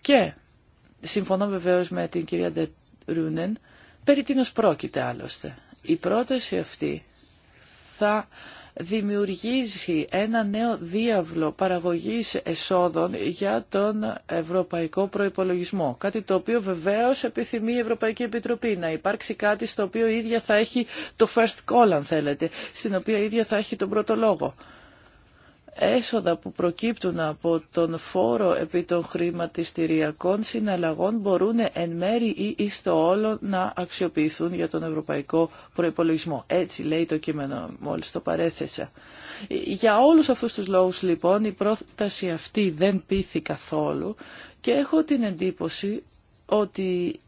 Και συμφωνώ βεβαίως με την κυρία Ρούνεν, περί τίνος πρόκειται άλλωστε. Η πρόταση αυτή θα δημιουργήσει ένα νέο διάβλο παραγωγής εσόδων για τον ευρωπαϊκό προϋπολογισμό. Κάτι το οποίο βεβαίως επιθυμεί η Ευρωπαϊκή Επιτροπή να υπάρξει κάτι στο οποίο ίδια θα έχει το first call αν θέλετε, στην οποία ίδια θα έχει τον πρώτο λόγο έσοδα που προκύπτουν από τον φόρο επί των χρηματιστηριακών συναλλαγών μπορούν εν μέρη ή εις το όλο να αξιοποιηθούν για τον ευρωπαϊκό προϋπολογισμό. Έτσι λέει το κείμενο, μόλις το παρέθεσα. Για όλους αυτούς τους λόγους λοιπόν η πρόταση αυτή δεν πείθη καθόλου και έχω την εντύπωση ότι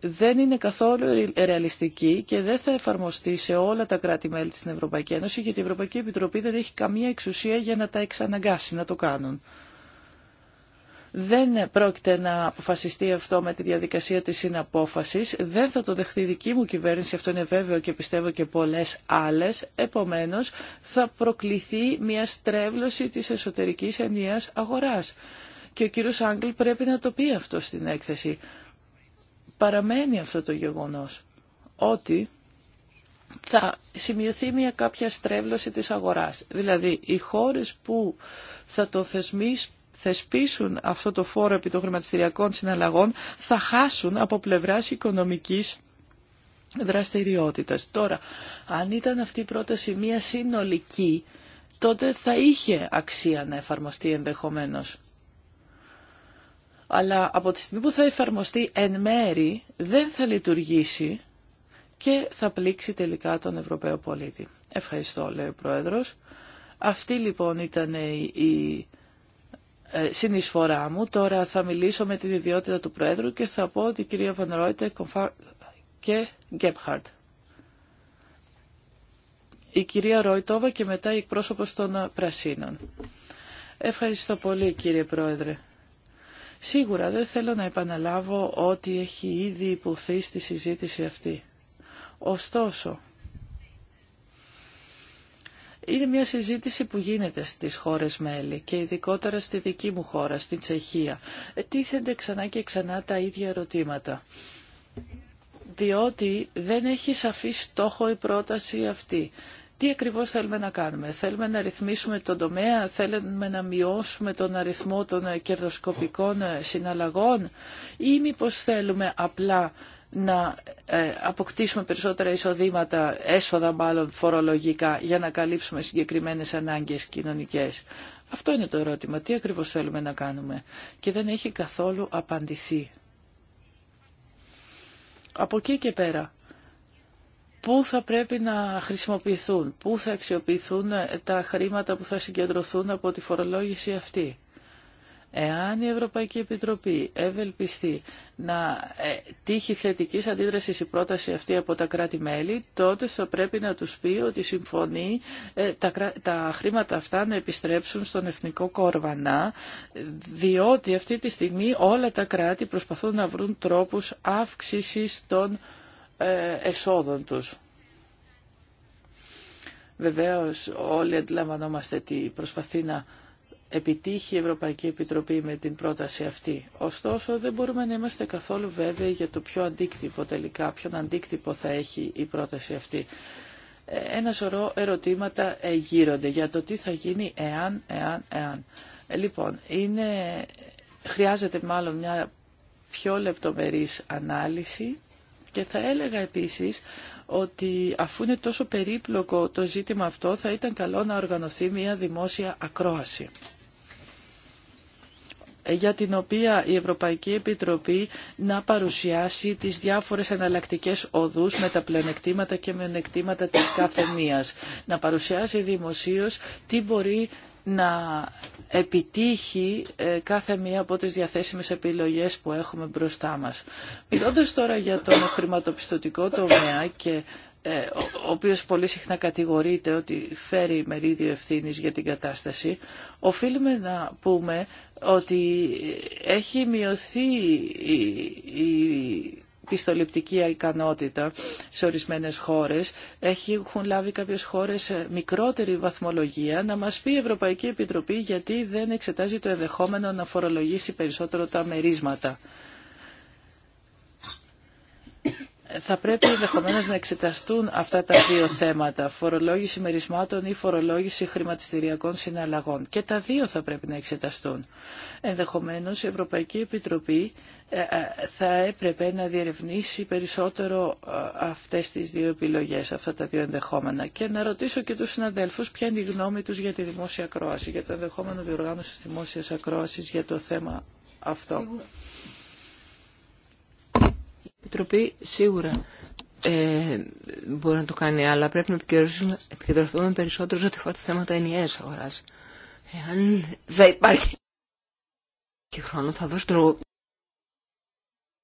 δεν είναι καθόλου ρεαλιστική και δεν θα εφαρμοστεί σε όλα τα κράτη-μέλη στην Ευρωπαϊκή Ένωση γιατί η Ευρωπαϊκή Επιτροπή δεν έχει καμία εξουσία για να τα εξαναγκάσει να το κάνουν. Δεν πρόκειται να αποφασιστεί αυτό με τη διαδικασία της συναπόφασης. Δεν θα το δεχθεί η δική μου κυβέρνηση, αυτό είναι βέβαιο και πιστεύω και πολλές άλλες. Επομένως, θα προκληθεί μια στρέβλωση της εσωτερικής ενίας αγοράς. Και ο κύριος Άγγλ πρέπει να το πει αυτό στην έκθεση παραμένει αυτό το γεγονός ότι θα σημειωθεί μια κάποια στρέβλωση της αγοράς. Δηλαδή, οι χώρες που θα το θεσμίσουν θεσπίσουν αυτό το φόρο επί των χρηματιστηριακών συναλλαγών θα χάσουν από πλευράς οικονομικής δραστηριότητας. Τώρα, αν ήταν αυτή η πρόταση μια συνολική, τότε θα είχε αξία να εφαρμοστεί ενδεχομένως αλλά από τη στιγμή που θα εφαρμοστεί εν μέρη δεν θα λειτουργήσει και θα πλήξει τελικά τον Ευρωπαίο πολίτη. Ευχαριστώ, λέει ο Πρόεδρος. Αυτή λοιπόν ήταν η ε, συνεισφορά μου. Τώρα θα μιλήσω με την ιδιότητα του Πρόεδρου και θα πω ότι η κυρία Βανρόιτε και Γκέπχαρτ. Η κυρία Ρόιτόβα και μετά η εκπρόσωπος των Πρασίνων. Ευχαριστώ πολύ κύριε Πρόεδρε. Σίγουρα δεν θέλω να επαναλάβω ότι έχει ήδη υποθεί στη συζήτηση αυτή. Ωστόσο, είναι μια συζήτηση που γίνεται στις χώρες μέλη και ειδικότερα στη δική μου χώρα, στην Τσεχία. Ε, τίθενται ξανά και ξανά τα ίδια ερωτήματα. Διότι δεν έχει σαφή στόχο η πρόταση αυτή τι ακριβώς θέλουμε να κάνουμε. Θέλουμε να ρυθμίσουμε τον τομέα, θέλουμε να μειώσουμε τον αριθμό των κερδοσκοπικών ε, συναλλαγών ή μήπως θέλουμε απλά να ε, αποκτήσουμε περισσότερα εισοδήματα, έσοδα μάλλον φορολογικά, για να καλύψουμε συγκεκριμένες ανάγκες κοινωνικές. Αυτό είναι το ερώτημα. Τι ακριβώς θέλουμε να κάνουμε. Και δεν έχει καθόλου απαντηθεί. Από εκεί και πέρα, πού θα πρέπει να χρησιμοποιηθούν, πού θα αξιοποιηθούν ε, τα χρήματα που θα συγκεντρωθούν από τη φορολόγηση αυτή. Εάν η Ευρωπαϊκή Επιτροπή ευελπιστεί να ε, τύχει θετική αντίδραση η πρόταση αυτή από τα κράτη-μέλη, τότε θα πρέπει να τους πει ότι συμφωνεί ε, τα χρήματα αυτά να επιστρέψουν στον εθνικό κόρβανα, διότι αυτή τη στιγμή όλα τα κράτη προσπαθούν να βρουν τρόπους αύξησης των ε, εσόδων τους. Βεβαίως όλοι αντιλαμβανόμαστε τι προσπαθεί να επιτύχει η Ευρωπαϊκή Επιτροπή με την πρόταση αυτή. Ωστόσο δεν μπορούμε να είμαστε καθόλου βέβαιοι για το ποιο αντίκτυπο τελικά, ποιον αντίκτυπο θα έχει η πρόταση αυτή. Ε, ένα σωρό ερωτήματα ε, γύρονται για το τι θα γίνει εάν, εάν, εάν. Λοιπόν, είναι, χρειάζεται μάλλον μια πιο λεπτομερής ανάλυση και θα έλεγα επίσης ότι αφού είναι τόσο περίπλοκο το ζήτημα αυτό, θα ήταν καλό να οργανωθεί μια δημόσια ακρόαση ε, για την οποία η Ευρωπαϊκή Επιτροπή να παρουσιάσει τις διάφορες εναλλακτικέ οδούς με τα πλεονεκτήματα και μειονεκτήματα της κάθε μίας. Να παρουσιάσει δημοσίως τι μπορεί να επιτύχει ε, κάθε μία από τις διαθέσιμες επιλογές που έχουμε μπροστά μας. Μιλώντα τώρα για τον χρηματοπιστωτικό τομέα και ε, ο οποίος πολύ συχνά κατηγορείται ότι φέρει μερίδιο ευθύνης για την κατάσταση, οφείλουμε να πούμε ότι ε, έχει μειωθεί η πιστοληπτική ικανότητα σε ορισμένες χώρες. Έχουν λάβει κάποιες χώρες μικρότερη βαθμολογία. Να μας πει η Ευρωπαϊκή Επιτροπή γιατί δεν εξετάζει το ενδεχόμενο να φορολογήσει περισσότερο τα μερίσματα. θα πρέπει ενδεχομένω να εξεταστούν αυτά τα δύο θέματα, φορολόγηση μερισμάτων ή φορολόγηση χρηματιστηριακών συναλλαγών. Και τα δύο θα πρέπει να εξεταστούν. Ενδεχομένω, η Ευρωπαϊκή Επιτροπή ε, ε, θα έπρεπε να διερευνήσει περισσότερο ε, αυτές τις δύο επιλογές, αυτά τα δύο ενδεχόμενα. Και να ρωτήσω και τους συναδέλφους ποια είναι η γνώμη τους για τη δημόσια ακρόαση, για το ενδεχόμενο διοργάνωση δημόσιας ακρόασης για το θέμα αυτό. Επιτροπή σίγουρα ε, μπορεί να το κάνει, αλλά πρέπει να επικεντρωθούμε περισσότερο σε ό,τι αφορά τα θέματα ενιαία αγορά. Εάν δεν υπάρχει και χρόνο, θα δώσω τον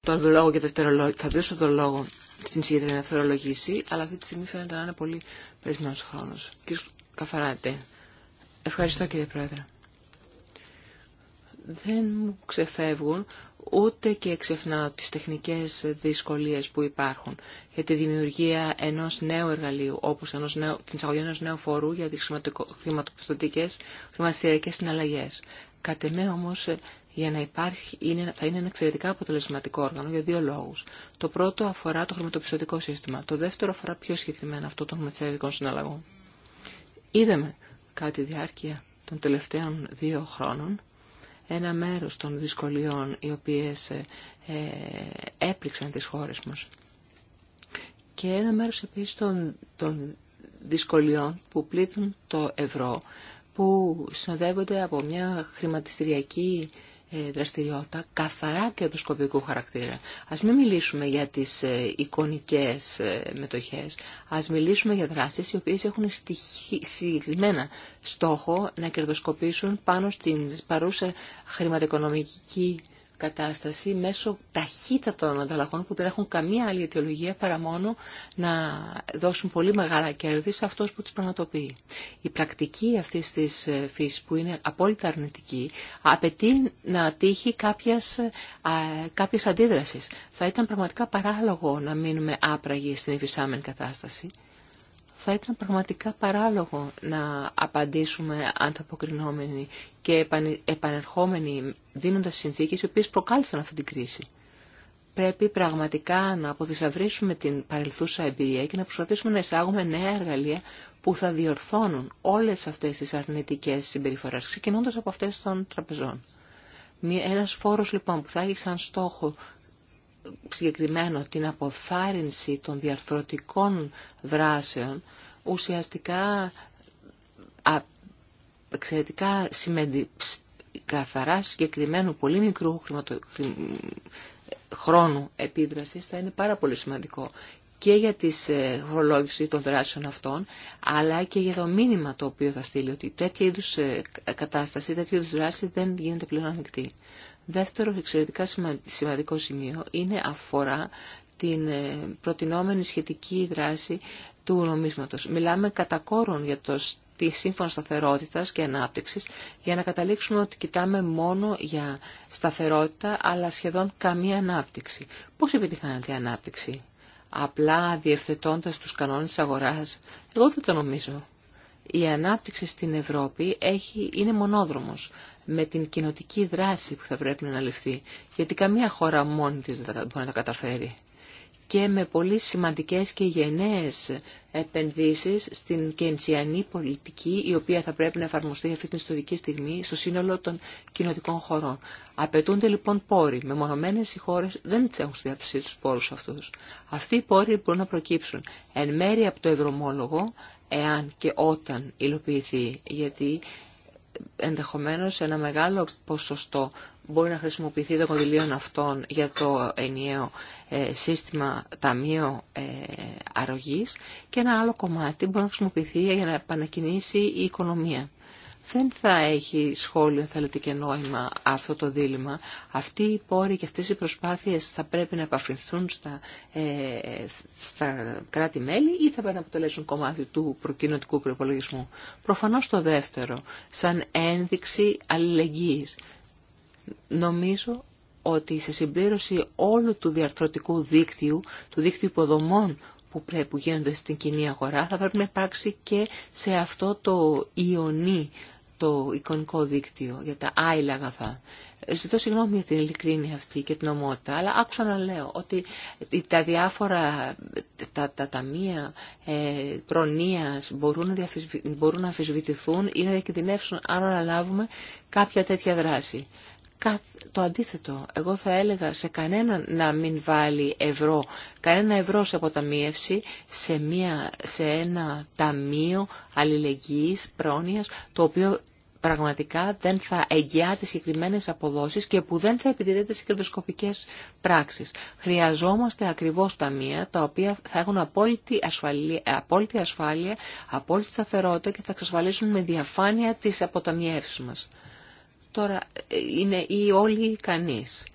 το λόγο και δευτερολόγο. Θα δώσω λόγο στην συγκεκριμένη αλλά αυτή τη στιγμή φαίνεται να είναι πολύ περισσότερο χρόνο. Κύριε Καφαράτε, ευχαριστώ κύριε Πρόεδρε. Δεν μου ξεφεύγουν ούτε και ξεχνάω τις τεχνικές δυσκολίες που υπάρχουν για τη δημιουργία ενός νέου εργαλείου, όπως ενός νέου, την εισαγωγή ενός νέου φορού για τις χρηματοπιστωτικές χρηματιστηριακές συναλλαγές. Κατ' εμέ όμως για να είναι, θα είναι ένα εξαιρετικά αποτελεσματικό όργανο για δύο λόγους. Το πρώτο αφορά το χρηματοπιστωτικό σύστημα. Το δεύτερο αφορά πιο συγκεκριμένα αυτό των χρηματιστηριακών συναλλαγών. Είδαμε κάτι διάρκεια των τελευταίων δύο χρόνων ένα μέρος των δυσκολιών οι οποίες ε, έπληξαν τις χώρες μας. Και ένα μέρος επίσης των, των δυσκολιών που πλήττουν το ευρώ, που συνοδεύονται από μια χρηματιστηριακή ε, δραστηριότητα καθαρά κερδοσκοπικού χαρακτήρα. Ας μην μιλήσουμε για τις ε, εικονικές ε, μετοχές, ας μιλήσουμε για δράσεις οι οποίες έχουν συγκεκριμένα στόχο να κερδοσκοπήσουν πάνω στην παρούσα χρηματοοικονομική κατάσταση μέσω ταχύτατων ανταλλαγών που δεν έχουν καμία άλλη αιτιολογία παρά μόνο να δώσουν πολύ μεγάλα κέρδη σε αυτός που τις πραγματοποιεί. Η πρακτική αυτή της ε, φύσης που είναι απόλυτα αρνητική απαιτεί να τύχει κάποιας, ε, κάποιες αντίδρασεις. Θα ήταν πραγματικά παράλογο να μείνουμε άπραγοι στην υφισάμενη κατάσταση θα ήταν πραγματικά παράλογο να απαντήσουμε ανταποκρινόμενοι και επανερχόμενοι δίνοντας συνθήκες οι οποίες προκάλεσαν αυτή την κρίση. Πρέπει πραγματικά να αποδυσαυρίσουμε την παρελθούσα εμπειρία και να προσπαθήσουμε να εισάγουμε νέα εργαλεία που θα διορθώνουν όλες αυτές τις αρνητικές συμπεριφορές, ξεκινώντας από αυτές των τραπεζών. Ένας φόρος λοιπόν που θα έχει σαν στόχο συγκεκριμένο την αποθάρρυνση των διαρθρωτικών δράσεων ουσιαστικά εξαιρετικά σημαίνει καθαρά συγκεκριμένου πολύ μικρού χρηματο, χρόνου επίδρασης θα είναι πάρα πολύ σημαντικό και για τη χρολόγηση ε, των δράσεων αυτών, αλλά και για το μήνυμα το οποίο θα στείλει ότι τέτοια είδου ε, κατάσταση, τέτοια είδου δράση δεν γίνεται πλέον ανοιχτή. Δεύτερο εξαιρετικά σημαντικό σημείο είναι αφορά την ε, προτινόμενη σχετική δράση του νομίσματος. Μιλάμε κατά κόρον για το τη σύμφωνα σταθερότητα και ανάπτυξη για να καταλήξουμε ότι κοιτάμε μόνο για σταθερότητα αλλά σχεδόν καμία ανάπτυξη. Πώ επιτυχάνεται η ανάπτυξη, απλά διευθετώντα του κανόνε τη αγορά, εγώ δεν το νομίζω. Η ανάπτυξη στην Ευρώπη έχει, είναι μονόδρομος με την κοινοτική δράση που θα πρέπει να αναλυφθεί. Γιατί καμία χώρα μόνη της δεν μπορεί να τα καταφέρει. Και με πολύ σημαντικές και γενναίες επενδύσεις στην κεντσιανή πολιτική η οποία θα πρέπει να εφαρμοστεί αυτή την ιστορική στιγμή στο σύνολο των κοινοτικών χωρών. Απαιτούνται λοιπόν πόροι. Μεμονωμένες οι χώρες δεν τις έχουν στη διάθεσή τους πόρους αυτούς. Αυτοί οι πόροι μπορούν να προκύψουν εν μέρη από το ευρωμόλογο εάν και όταν υλοποιηθεί, γιατί ενδεχομένως ένα μεγάλο ποσοστό μπορεί να χρησιμοποιηθεί των κονδυλίων αυτών για το ενιαίο ε, σύστημα ταμείο ε, αρρωγής και ένα άλλο κομμάτι μπορεί να χρησιμοποιηθεί για να επανακινήσει η οικονομία δεν θα έχει σχόλιο, θα λέτε και νόημα αυτό το δίλημα. Αυτή οι πόροι και αυτές οι προσπάθειες θα πρέπει να επαφηθούν στα, ε, στα κράτη-μέλη ή θα πρέπει να αποτελέσουν κομμάτι του προκοινωτικού προπολογισμού. Προφανώς το δεύτερο, σαν ένδειξη αλληλεγγύης. Νομίζω ότι σε συμπλήρωση όλου του διαρθρωτικού δίκτυου, του δίκτυου υποδομών που γίνονται στην κοινή αγορά, θα πρέπει να υπάρξει και σε αυτό το ιονί το εικονικό δίκτυο, για τα άειλα αγαθά. Ε, ζητώ συγγνώμη για την ειλικρίνη αυτή και την ομότητα, αλλά άκουσα να λέω ότι τα διάφορα τα, τα ταμεία ε, προνοίας μπορούν να, διαφυσβη, μπορούν να αμφισβητηθούν ή να διακινδυνεύσουν αν αναλάβουμε κάποια τέτοια δράση το αντίθετο. Εγώ θα έλεγα σε κανέναν να μην βάλει ευρώ, κανένα ευρώ σε αποταμίευση σε, μια, σε ένα ταμείο αλληλεγγύης, πρόνοιας, το οποίο πραγματικά δεν θα εγγυά τις συγκεκριμένε αποδόσεις και που δεν θα επιτηρείται σε κερδοσκοπικές πράξεις. Χρειαζόμαστε ακριβώς ταμεία τα οποία θα έχουν απόλυτη ασφάλεια, απόλυτη, ασφάλεια, απόλυτη σταθερότητα και θα εξασφαλίσουν με διαφάνεια τις αποταμιεύσεις μας. Τώρα, ε, είναι ή όλοι ή κανείς.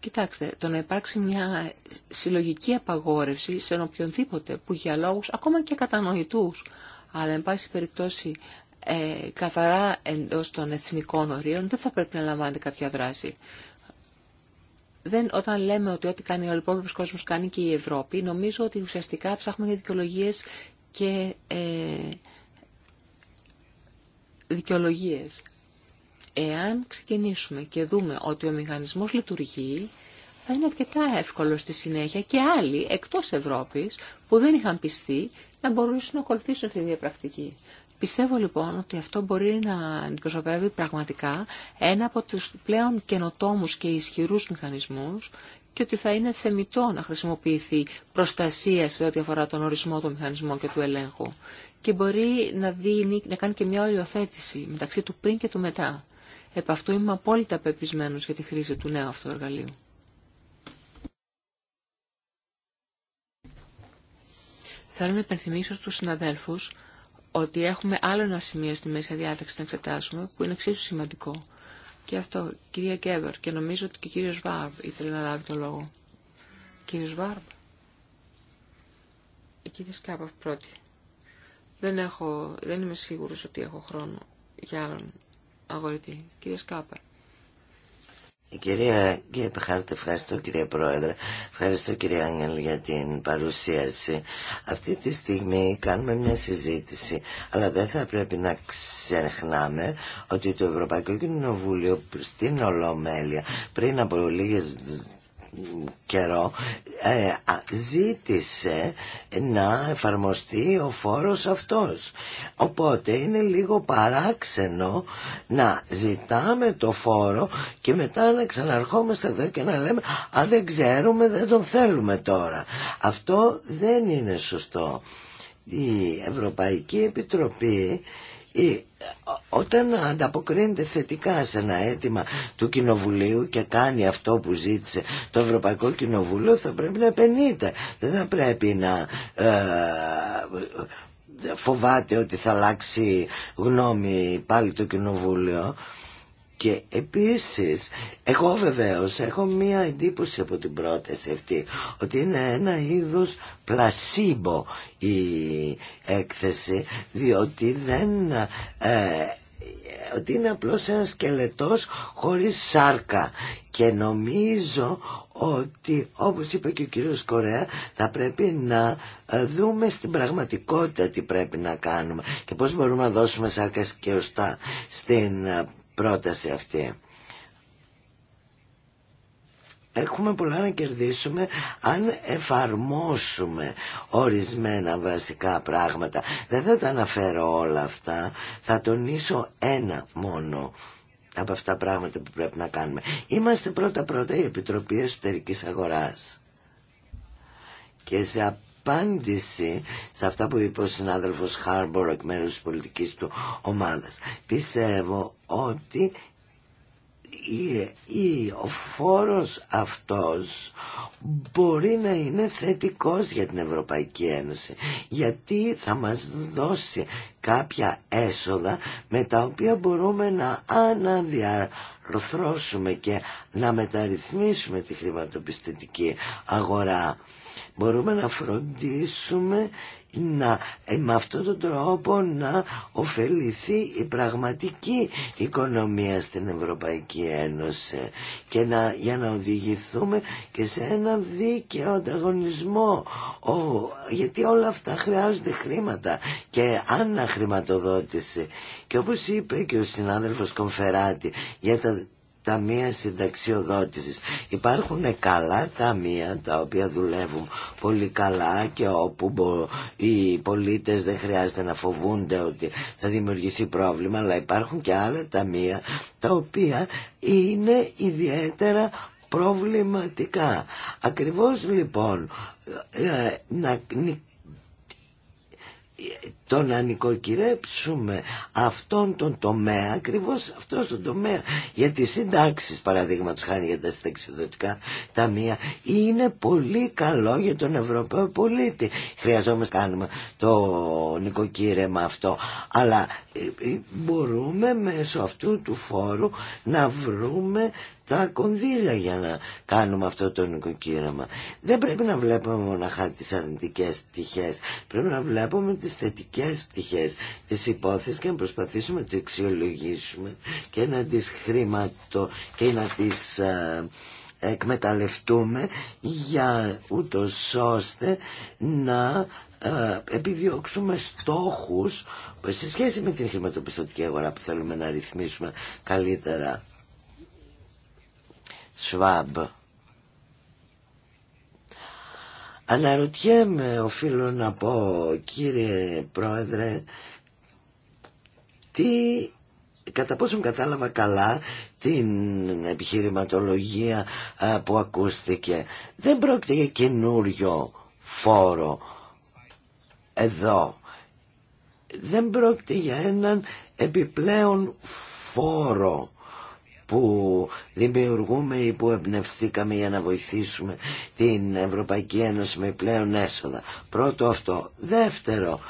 Κοιτάξτε, το να υπάρξει μια συλλογική απαγόρευση σε οποιονδήποτε που για λόγους ακόμα και κατανοητούς, αλλά εν πάση περιπτώσει ε, καθαρά εντός των εθνικών ορίων δεν θα πρέπει να λαμβάνεται κάποια δράση. Δεν, όταν λέμε ότι ό,τι κάνει ο υπόλοιπος κόσμος κάνει και η Ευρώπη, νομίζω ότι ουσιαστικά ψάχνουμε για δικαιολογίε και ε, δικαιολογίες. Εάν ξεκινήσουμε και δούμε ότι ο μηχανισμός λειτουργεί, θα είναι αρκετά εύκολο στη συνέχεια και άλλοι εκτός Ευρώπης που δεν είχαν πιστεί να μπορούσαν να ακολουθήσουν αυτή τη διαπρακτική. Πιστεύω λοιπόν ότι αυτό μπορεί να αντιπροσωπεύει πραγματικά ένα από τους πλέον καινοτόμους και ισχυρούς μηχανισμούς και ότι θα είναι θεμητό να χρησιμοποιηθεί προστασία σε ό,τι αφορά τον ορισμό του μηχανισμού και του ελέγχου. Και μπορεί να, δίνει, να κάνει και μια οριοθέτηση μεταξύ του πριν και του μετά. Επ' αυτού είμαι απόλυτα πεπισμένος για τη χρήση του νέου αυτού εργαλείου. Θέλω να υπενθυμίσω στους συναδέλφους ότι έχουμε άλλο ένα σημείο στη μέση διάταξη να εξετάσουμε που είναι εξίσου σημαντικό. Και αυτό, κυρία Κέβερ, και νομίζω ότι και ο κύριος Βάρμπ ήθελε να λάβει το λόγο. Κύριος Βάρμπ. Η κυρία Σκάπα πρώτη. Δεν, δεν είμαι σίγουρος ότι έχω χρόνο για άλλον αγορητή. Κύριε Σκάπα. Η κυρία ευχαριστώ κυρία Πρόεδρε, ευχαριστώ κυρία Άγγελ για την παρουσίαση. Αυτή τη στιγμή κάνουμε μια συζήτηση, αλλά δεν θα πρέπει να ξεχνάμε ότι το Ευρωπαϊκό Κοινοβούλιο στην Ολομέλεια πριν από λίγες καιρό ε, ζήτησε να εφαρμοστεί ο φόρος αυτός. Οπότε είναι λίγο παράξενο να ζητάμε το φόρο και μετά να ξαναρχόμαστε εδώ και να λέμε αν δεν ξέρουμε, δεν τον θέλουμε τώρα». Αυτό δεν είναι σωστό. Η Ευρωπαϊκή Επιτροπή όταν ανταποκρίνεται θετικά σε ένα αίτημα του Κοινοβουλίου και κάνει αυτό που ζήτησε το Ευρωπαϊκό Κοινοβούλιο θα πρέπει να επενείται. Δεν θα πρέπει να ε, φοβάται ότι θα αλλάξει γνώμη πάλι το Κοινοβούλιο. Και επίσης, εγώ βεβαίως έχω μία εντύπωση από την πρόταση αυτή, ότι είναι ένα είδος πλασίμπο η έκθεση, διότι δεν... Ε, ότι είναι απλώς ένα σκελετός χωρίς σάρκα και νομίζω ότι όπως είπε και ο κύριος Κορέα θα πρέπει να ε, δούμε στην πραγματικότητα τι πρέπει να κάνουμε και πώς μπορούμε να δώσουμε σάρκα και στην ε, πρόταση αυτή. Έχουμε πολλά να κερδίσουμε αν εφαρμόσουμε ορισμένα βασικά πράγματα. Δεν θα τα αναφέρω όλα αυτά, θα τονίσω ένα μόνο από αυτά τα πράγματα που πρέπει να κάνουμε. Είμαστε πρώτα-πρώτα η Επιτροπή Εσωτερικής Αγοράς. Και σε απάντηση σε αυτά που είπε ο συνάδελφος Χάρμπορ εκ μέρους της πολιτικής του ομάδας. Πιστεύω ότι ή, ο φόρος αυτός μπορεί να είναι θετικός για την Ευρωπαϊκή Ένωση γιατί θα μας δώσει κάποια έσοδα με τα οποία μπορούμε να αναδιαρθρώσουμε και να μεταρρυθμίσουμε τη χρηματοπιστωτική αγορά Μπορούμε να φροντίσουμε να, ε, με αυτόν τον τρόπο να ωφεληθεί η πραγματική οικονομία στην Ευρωπαϊκή Ένωση και να, για να οδηγηθούμε και σε ένα δίκαιο ανταγωνισμό Ο, γιατί όλα αυτά χρειάζονται χρήματα και αναχρηματοδότηση και όπως είπε και ο συνάδελφος Κομφεράτη για τα ταμεία συνταξιοδότησης. Υπάρχουν καλά ταμεία τα οποία δουλεύουν πολύ καλά και όπου οι πολίτες δεν χρειάζεται να φοβούνται ότι θα δημιουργηθεί πρόβλημα αλλά υπάρχουν και άλλα ταμεία τα οποία είναι ιδιαίτερα προβληματικά. Ακριβώς λοιπόν ε, να το να νοικοκυρέψουμε αυτόν τον τομέα, ακριβώ αυτόν τον τομέα, γιατί τι συντάξει παραδείγματο χάρη για τα συνταξιδοτικά ταμεία, είναι πολύ καλό για τον Ευρωπαίο πολίτη. Χρειαζόμαστε κάνουμε το νοικοκύρεμα αυτό. Αλλά ε, ε, μπορούμε μέσω αυτού του φόρου να βρούμε τα κονδύλια για να κάνουμε αυτό το νοικοκύραμα. Δεν πρέπει να βλέπουμε μοναχά τις αρνητικές πτυχές, πρέπει να βλέπουμε τις θετικές πτυχές της υπόθεση και να προσπαθήσουμε να τις αξιολογήσουμε και να τις χρηματο... και να τις ε, εκμεταλλευτούμε για ούτως ώστε να ε, επιδιώξουμε στόχους σε σχέση με την χρηματοπιστωτική αγορά που θέλουμε να ρυθμίσουμε καλύτερα. Σβάμπ. Αναρωτιέμαι, οφείλω να πω, κύριε Πρόεδρε, τι, κατά πόσο κατάλαβα καλά την επιχειρηματολογία α, ε, που ακούστηκε. Δεν πρόκειται για καινούριο φόρο εδώ δεν πρόκειται για έναν επιπλέον φόρο που δημιουργούμε ή που εμπνευστήκαμε για να βοηθήσουμε την Ευρωπαϊκή Ένωση με πλέον έσοδα. Πρώτο αυτό. Δεύτερο,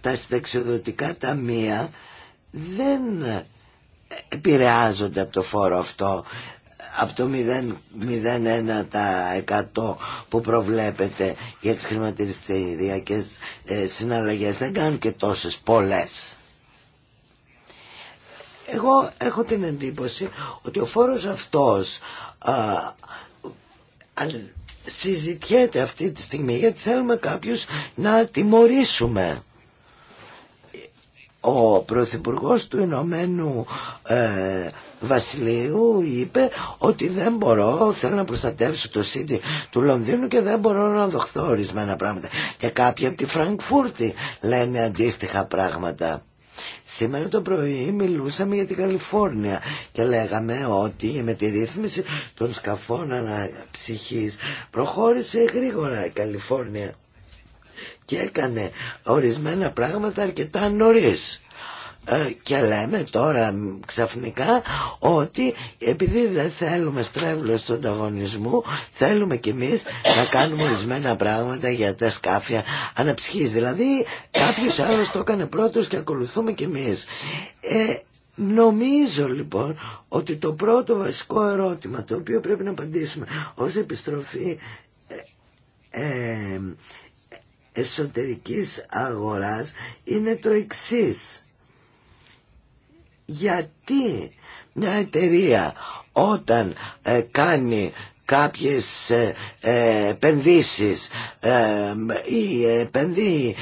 τα συνταξιοδοτικά ταμεία δεν επηρεάζονται από το φόρο αυτό από το 0,01% που προβλέπεται για τις χρηματιστηριακές ε, συναλλαγές δεν κάνουν και τόσες πολλές. Εγώ έχω την εντύπωση ότι ο φόρος αυτός συζητιέται αυτή τη στιγμή γιατί θέλουμε κάποιους να τιμωρήσουμε. Ο Πρωθυπουργό του Ηνωμένου ε, Βασιλείου είπε ότι δεν μπορώ, θέλω να προστατεύσω το σύντη του Λονδίνου και δεν μπορώ να δοχθώ ορισμένα πράγματα. Και κάποιοι από τη Φραγκφούρτη λένε αντίστοιχα πράγματα. Σήμερα το πρωί μιλούσαμε για την Καλιφόρνια και λέγαμε ότι με τη ρύθμιση των σκαφών αναψυχής προχώρησε γρήγορα η Καλιφόρνια και έκανε ορισμένα πράγματα αρκετά νωρίς ε, και λέμε τώρα ξαφνικά ότι επειδή δεν θέλουμε στρέβλωση του ανταγωνισμού θέλουμε κι εμείς να κάνουμε ορισμένα πράγματα για τα σκάφια αναψυχής δηλαδή κάποιος άλλο το έκανε πρώτος και ακολουθούμε κι εμείς ε, Νομίζω λοιπόν ότι το πρώτο βασικό ερώτημα το οποίο πρέπει να απαντήσουμε ως επιστροφή ε, ε, εσωτερικής αγοράς είναι το εξής. Γιατί μια εταιρεία όταν ε, κάνει κάποιες ε, ε επενδύσεις ε, ή επενδύει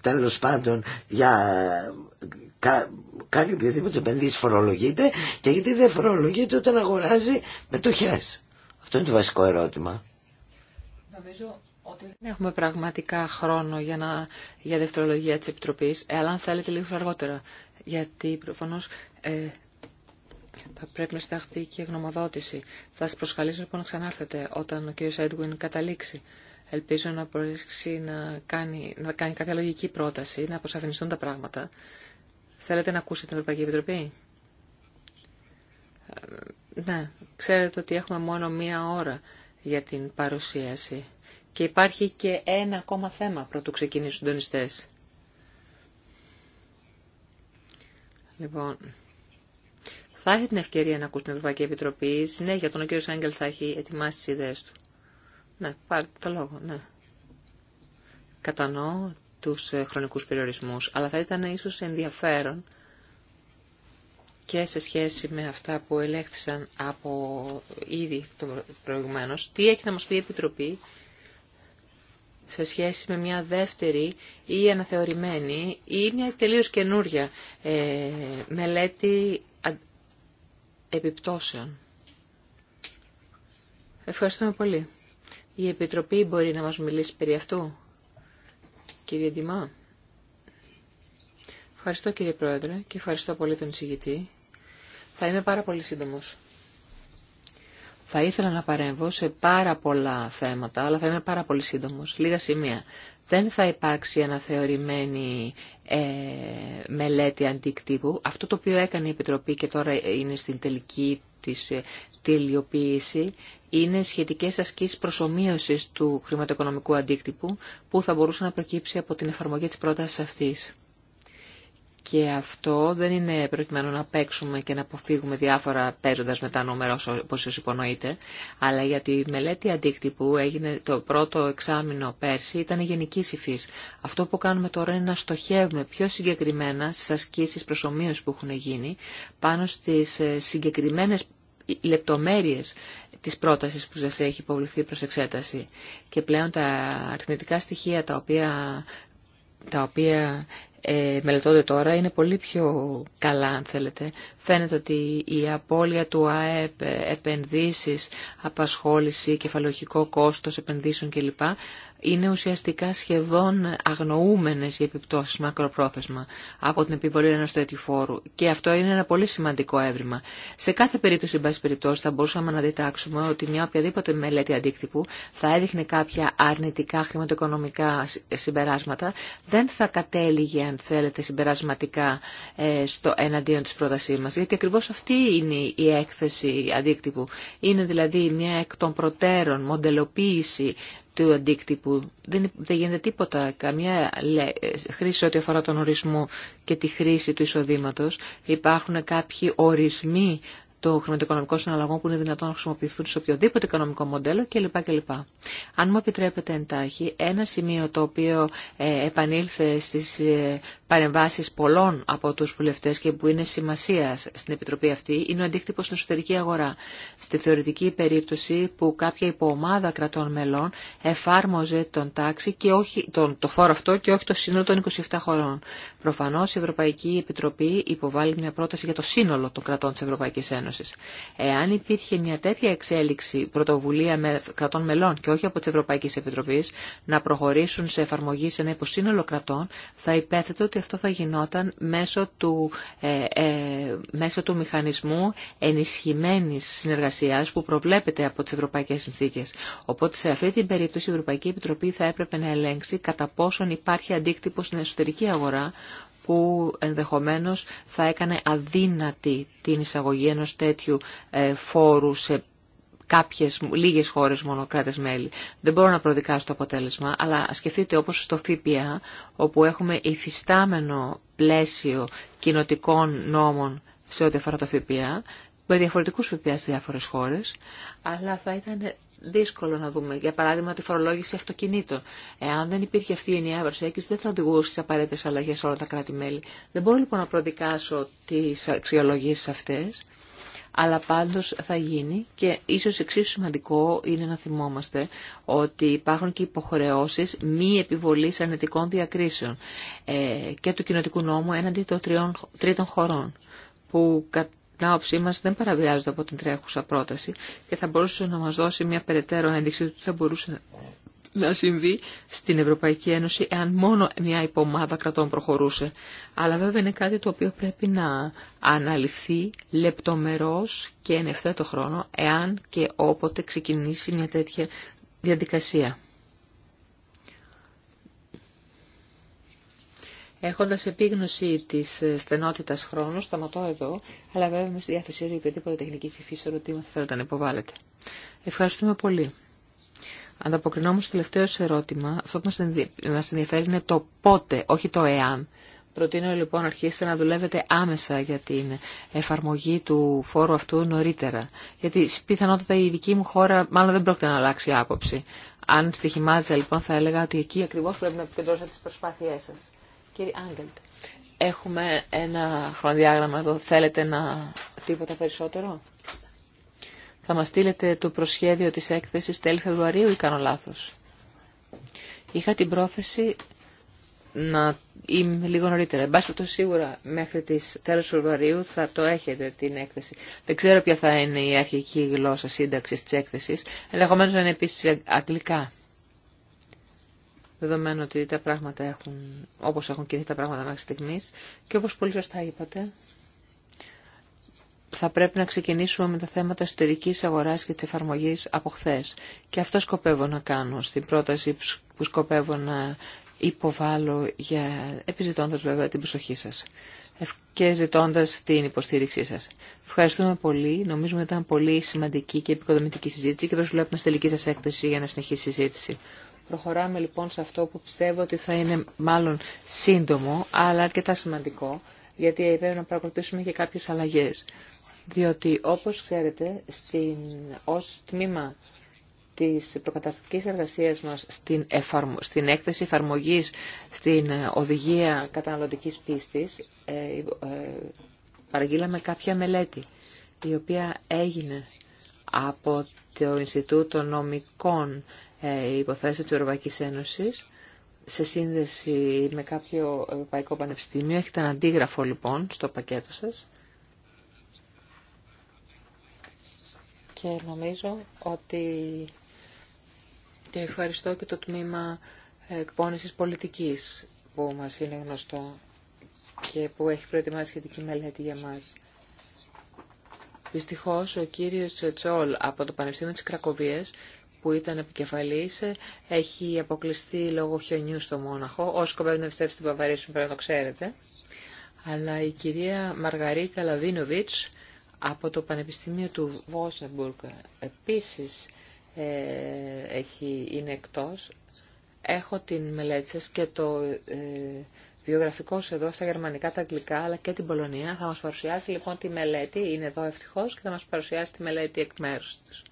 τέλος πάντων για κα, κάνει οποιασδήποτε επενδύσεις φορολογείται και γιατί δεν φορολογείται όταν αγοράζει μετοχές. Αυτό είναι το βασικό ερώτημα δεν έχουμε πραγματικά χρόνο για, να, για δευτερολογία της Επιτροπής, αλλά αν θέλετε λίγο αργότερα, γιατί προφανώς ε, θα πρέπει να συνταχθεί και η γνωμοδότηση. Θα σας προσκαλήσω λοιπόν να ξανάρθετε όταν ο κ. Έντουιν καταλήξει. Ελπίζω να μπορέσει να κάνει, να κάνει κάποια λογική πρόταση, να αποσαφινιστούν τα πράγματα. Θέλετε να ακούσετε την Ευρωπαϊκή Επιτροπή. Ε, ναι, ξέρετε ότι έχουμε μόνο μία ώρα για την παρουσίαση. Και υπάρχει και ένα ακόμα θέμα πρωτού ξεκινήσουν οι συντονιστέ. Λοιπόν, θα έχει την ευκαιρία να ακούσει την Ευρωπαϊκή Επιτροπή. Συνέχεια τον κύριο Άγγελ θα έχει ετοιμάσει τι ιδέε του. Ναι, πάρτε το λόγο, ναι. Κατανοώ του ε, χρονικού περιορισμού, αλλά θα ήταν ίσω ενδιαφέρον και σε σχέση με αυτά που ελέγχθησαν από ήδη προηγουμένω, τι έχει να μα πει η Επιτροπή σε σχέση με μια δεύτερη ή αναθεωρημένη ή μια τελείως καινούρια ε, μελέτη επιπτώσεων. Ευχαριστούμε πολύ. Η αναθεωρημενη η μια τελειως καινουρια μελετη μπορεί να μας μιλήσει περί αυτού. Κύριε Ντιμά. Ευχαριστώ κύριε Πρόεδρε και ευχαριστώ πολύ τον εισηγητή. Θα είμαι πάρα πολύ σύντομος. Θα ήθελα να παρέμβω σε πάρα πολλά θέματα, αλλά θα είμαι πάρα πολύ σύντομος. Λίγα σημεία. Δεν θα υπάρξει αναθεωρημένη ε, μελέτη αντικτύπου. Αυτό το οποίο έκανε η Επιτροπή και τώρα είναι στην τελική της ε, τελειοποίηση είναι σχετικές ασκήσεις προσωμείωσης του χρηματοοικονομικού αντίκτυπου που θα μπορούσε να προκύψει από την εφαρμογή της πρότασης αυτής. Και αυτό δεν είναι προκειμένου να παίξουμε και να αποφύγουμε διάφορα παίζοντα με τα νούμερα όπω υπονοείται, υπονοείτε, αλλά γιατί η μελέτη αντίκτυπου έγινε το πρώτο εξάμεινο πέρσι ήταν γενική υφή. Αυτό που κάνουμε τώρα είναι να στοχεύουμε πιο συγκεκριμένα στι ασκήσει προσωμείωση που έχουν γίνει πάνω στι ε, συγκεκριμένε λεπτομέρειε της πρότασης που σας έχει υποβληθεί προς εξέταση. Και πλέον τα αριθμητικά στοιχεία τα οποία τα οποία ε, μελετώνται τώρα είναι πολύ πιο καλά αν θέλετε. Φαίνεται ότι η απώλεια του ΑΕΠ, ε, επενδύσεις, απασχόληση, κεφαλογικό κόστος επενδύσεων κλπ είναι ουσιαστικά σχεδόν αγνοούμενες οι επιπτώσεις μακροπρόθεσμα από την επιβολή ενός τέτοιου φόρου. Και αυτό είναι ένα πολύ σημαντικό έβριμα. Σε κάθε περίπτωση, εν πάση περιπτώσει, θα μπορούσαμε να διτάξουμε ότι μια οποιαδήποτε μελέτη αντίκτυπου θα έδειχνε κάποια αρνητικά χρηματοοικονομικά συμπεράσματα, δεν θα κατέληγε, αν θέλετε, συμπερασματικά ε, στο εναντίον της πρότασή μας. Γιατί ακριβώς αυτή είναι η έκθεση αντίκτυπου. Είναι δηλαδή μια εκ των προτέρων μοντελοποίηση του αντίκτυπου. Δεν, δεν γίνεται τίποτα, καμία χρήση ό,τι αφορά τον ορισμό και τη χρήση του εισοδήματος. Υπάρχουν κάποιοι ορισμοί του χρηματοοικονομικών συναλλαγών που είναι δυνατόν να χρησιμοποιηθούν σε οποιοδήποτε οικονομικό μοντέλο κλπ. κλπ. Αν μου επιτρέπετε εντάχει, ένα σημείο το οποίο ε, επανήλθε στις ε, παρεμβάσεις πολλών από τους βουλευτές και που είναι σημασία στην Επιτροπή αυτή είναι ο αντίκτυπος στην εσωτερική αγορά. Στη θεωρητική περίπτωση που κάποια υποομάδα κρατών μελών εφάρμοζε τον τάξη και όχι, τον, το φόρο αυτό και όχι το σύνολο των 27 χωρών. Προφανώς η Ευρωπαϊκή Επιτροπή υποβάλλει μια πρόταση για το σύνολο των κρατών της Ευρωπαϊκής Εάν υπήρχε μια τέτοια εξέλιξη πρωτοβουλία με κρατών μελών και όχι από τη Ευρωπαϊκή Επιτροπή να προχωρήσουν σε εφαρμογή σε ένα υποσύνολο κρατών, θα υπέθετε ότι αυτό θα γινόταν μέσω του, ε, ε, μέσω του μηχανισμού ενισχυμένης συνεργασίας που προβλέπεται από τι ευρωπαϊκέ συνθήκε. Οπότε σε αυτή την περίπτωση η Ευρωπαϊκή Επιτροπή θα έπρεπε να ελέγξει κατά πόσον υπάρχει αντίκτυπο στην εσωτερική αγορά που ενδεχομένως θα έκανε αδύνατη την εισαγωγή ενός τέτοιου ε, φόρου σε κάποιες λίγες χώρες μονοκράτες μέλη. Δεν μπορώ να προδικάσω το αποτέλεσμα, αλλά σκεφτείτε όπως στο ΦΠΑ, όπου έχουμε υφιστάμενο πλαίσιο κοινοτικών νόμων σε ό,τι αφορά το ΦΠΑ, με διαφορετικούς ΦΠΑ σε διάφορες χώρες, αλλά θα ήταν δύσκολο να δούμε. Για παράδειγμα, τη φορολόγηση αυτοκινήτων. Εάν δεν υπήρχε αυτή η ενιαία προσέγγιση, δεν θα οδηγούσε τι απαραίτητε αλλαγέ σε όλα τα κράτη-μέλη. Δεν μπορώ λοιπόν να προδικάσω τι αξιολογήσει αυτέ, αλλά πάντως θα γίνει και ίσω εξίσου σημαντικό είναι να θυμόμαστε ότι υπάρχουν και υποχρεώσει μη επιβολή αρνητικών διακρίσεων ε, και του κοινοτικού νόμου έναντι των τρίτων χωρών που την άποψή μα δεν παραβιάζεται από την τρέχουσα πρόταση και θα μπορούσε να μα δώσει μια περαιτέρω ένδειξη του τι θα μπορούσε να συμβεί στην Ευρωπαϊκή Ένωση εάν μόνο μια υπομάδα κρατών προχωρούσε. Αλλά βέβαια είναι κάτι το οποίο πρέπει να αναλυθεί λεπτομερώς και εν ευθέτω χρόνο εάν και όποτε ξεκινήσει μια τέτοια διαδικασία. Έχοντας επίγνωση της ε, στενότητας χρόνου, σταματώ εδώ, αλλά βέβαια είμαι στη διάθεσή για οποιαδήποτε τεχνική συμφίση ερωτήματα θέλετε να υποβάλλετε. Ευχαριστούμε πολύ. Ανταποκρινόμουν στο τελευταίο ερώτημα, αυτό που μας ενδιαφέρει είναι το πότε, όχι το εάν. Προτείνω λοιπόν αρχίστε να δουλεύετε άμεσα για την εφαρμογή του φόρου αυτού νωρίτερα. Γιατί πιθανότατα η δική μου χώρα μάλλον δεν πρόκειται να αλλάξει άποψη. Αν στοιχημάζα λοιπόν θα έλεγα ότι εκεί ακριβώς πρέπει να επικεντρώσετε τις προσπάθειές σας. Κύριε Άγγελτ, έχουμε ένα χρονοδιάγραμμα εδώ. Θέλετε να τίποτα περισσότερο? Θα μας στείλετε το προσχέδιο της έκθεσης τέλη Φεβρουαρίου ή κάνω λάθος. Είχα την πρόθεση να είμαι λίγο νωρίτερα. Εν πάση σίγουρα μέχρι τις τέλος Φεβρουαρίου θα το έχετε την έκθεση. Δεν ξέρω ποια θα είναι η αρχική γλώσσα σύνταξης της έκθεσης. Ενδεχομένως να είναι επίσης αγγλικά δεδομένου ότι τα πράγματα έχουν, όπως έχουν κινηθεί τα πράγματα μέχρι στιγμή, και όπως πολύ σωστά είπατε, θα πρέπει να ξεκινήσουμε με τα θέματα εσωτερική αγορά και τη εφαρμογή από χθε. Και αυτό σκοπεύω να κάνω στην πρόταση που σκοπεύω να υποβάλλω για επιζητώντα βέβαια την προσοχή σα και ζητώντα την υποστήριξή σα. Ευχαριστούμε πολύ. Νομίζουμε ότι ήταν πολύ σημαντική και επικοδομητική συζήτηση και προσβλέπουμε στη τελική σα έκθεση για να συνεχίσει η συζήτηση. Προχωράμε λοιπόν σε αυτό που πιστεύω ότι θα είναι μάλλον σύντομο, αλλά αρκετά σημαντικό, γιατί πρέπει να παρακολουθήσουμε και κάποιες αλλαγές. Διότι, όπως ξέρετε, στην, ως τμήμα της προκαταρκτικής εργασίας μας στην, έκθεση εφαρμογής στην ε, οδηγία καταναλωτικής πίστης ε, ε, παραγγείλαμε κάποια μελέτη η οποία έγινε από το Ινστιτούτο Νομικών ε, υποθέση της Ευρωπαϊκής Ένωσης σε σύνδεση με κάποιο Ευρωπαϊκό Πανεπιστήμιο. Έχετε ένα αντίγραφο λοιπόν στο πακέτο σας. Και νομίζω ότι και ευχαριστώ και το τμήμα εκπόνησης πολιτικής που μας είναι γνωστό και που έχει προετοιμάσει σχετική μελέτη για μας. Δυστυχώς ο κύριος Τσόλ από το Πανεπιστήμιο της Κρακοβίας που ήταν επικεφαλής ε, έχει αποκλειστεί λόγω χιονιού στο Μόναχο. Όσοι σκοπεύουν να επιστρέψει την Παυαρία, πρέπει να το ξέρετε. Αλλά η κυρία Μαργαρίτα Λαβίνοβιτς από το Πανεπιστήμιο του Βόσεμπουργκ επίσης ε, έχει, είναι εκτός. Έχω την μελέτη σας και το ε, βιογραφικό σας εδώ στα γερμανικά, τα αγγλικά αλλά και την Πολωνία. Θα μας παρουσιάσει λοιπόν τη μελέτη, είναι εδώ ευτυχώς, και θα μας παρουσιάσει τη μελέτη εκ μέρους της.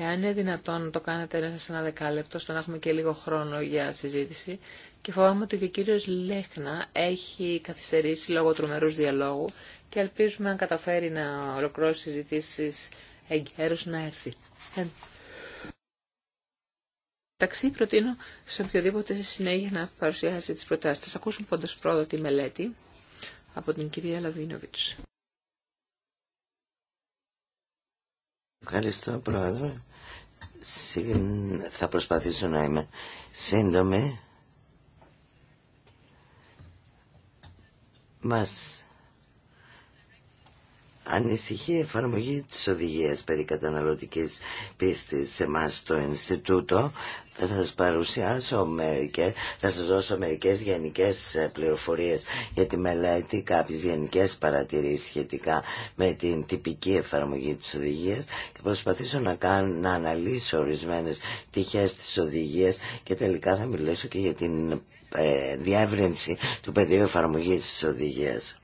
Εάν είναι δυνατόν να το κάνετε μέσα σε ένα δεκάλεπτο, ώστε να έχουμε και λίγο χρόνο για συζήτηση. Και φοβάμαι ότι και ο κύριος Λέχνα έχει καθυστερήσει λόγω τρομερούς διαλόγου και ελπίζουμε αν καταφέρει να ολοκληρώσει συζητήσει εγκαίρως να έρθει. Ε, Ταξί προτείνω σε οποιοδήποτε συνέχεια να παρουσιάσει τις προτάσεις. Θα ακούσουμε πρώτα τη μελέτη από την κυρία Λαβίνοβιτς. Ευχαριστώ πρόεδρε. Θα προσπαθήσω να είμαι σύντομη. Μας ανησυχεί η εφαρμογή της οδηγίας περί καταναλωτικής πίστης σε μας το Ινστιτούτο θα σας παρουσιάσω μερικές, θα σας δώσω μερικές γενικές ε, πληροφορίες για τη μελέτη, κάποιες γενικές παρατηρήσεις σχετικά με την τυπική εφαρμογή της οδηγίας και προσπαθήσω να, κάνω, να αναλύσω ορισμένες τυχές της οδηγίας και τελικά θα μιλήσω και για την ε, διεύρυνση του πεδίου εφαρμογής της οδηγίας.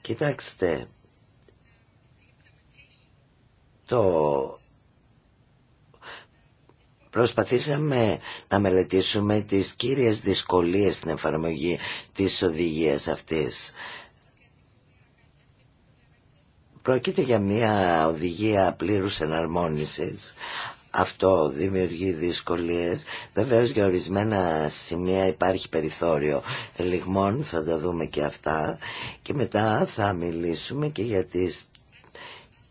Κοιτάξτε, το Προσπαθήσαμε να μελετήσουμε τις κύριες δυσκολίες στην εφαρμογή της οδηγίας αυτής. Πρόκειται για μια οδηγία πλήρους εναρμόνισης. Αυτό δημιουργεί δυσκολίες. Βεβαίως για ορισμένα σημεία υπάρχει περιθώριο ελιγμών, θα τα δούμε και αυτά. Και μετά θα μιλήσουμε και για τις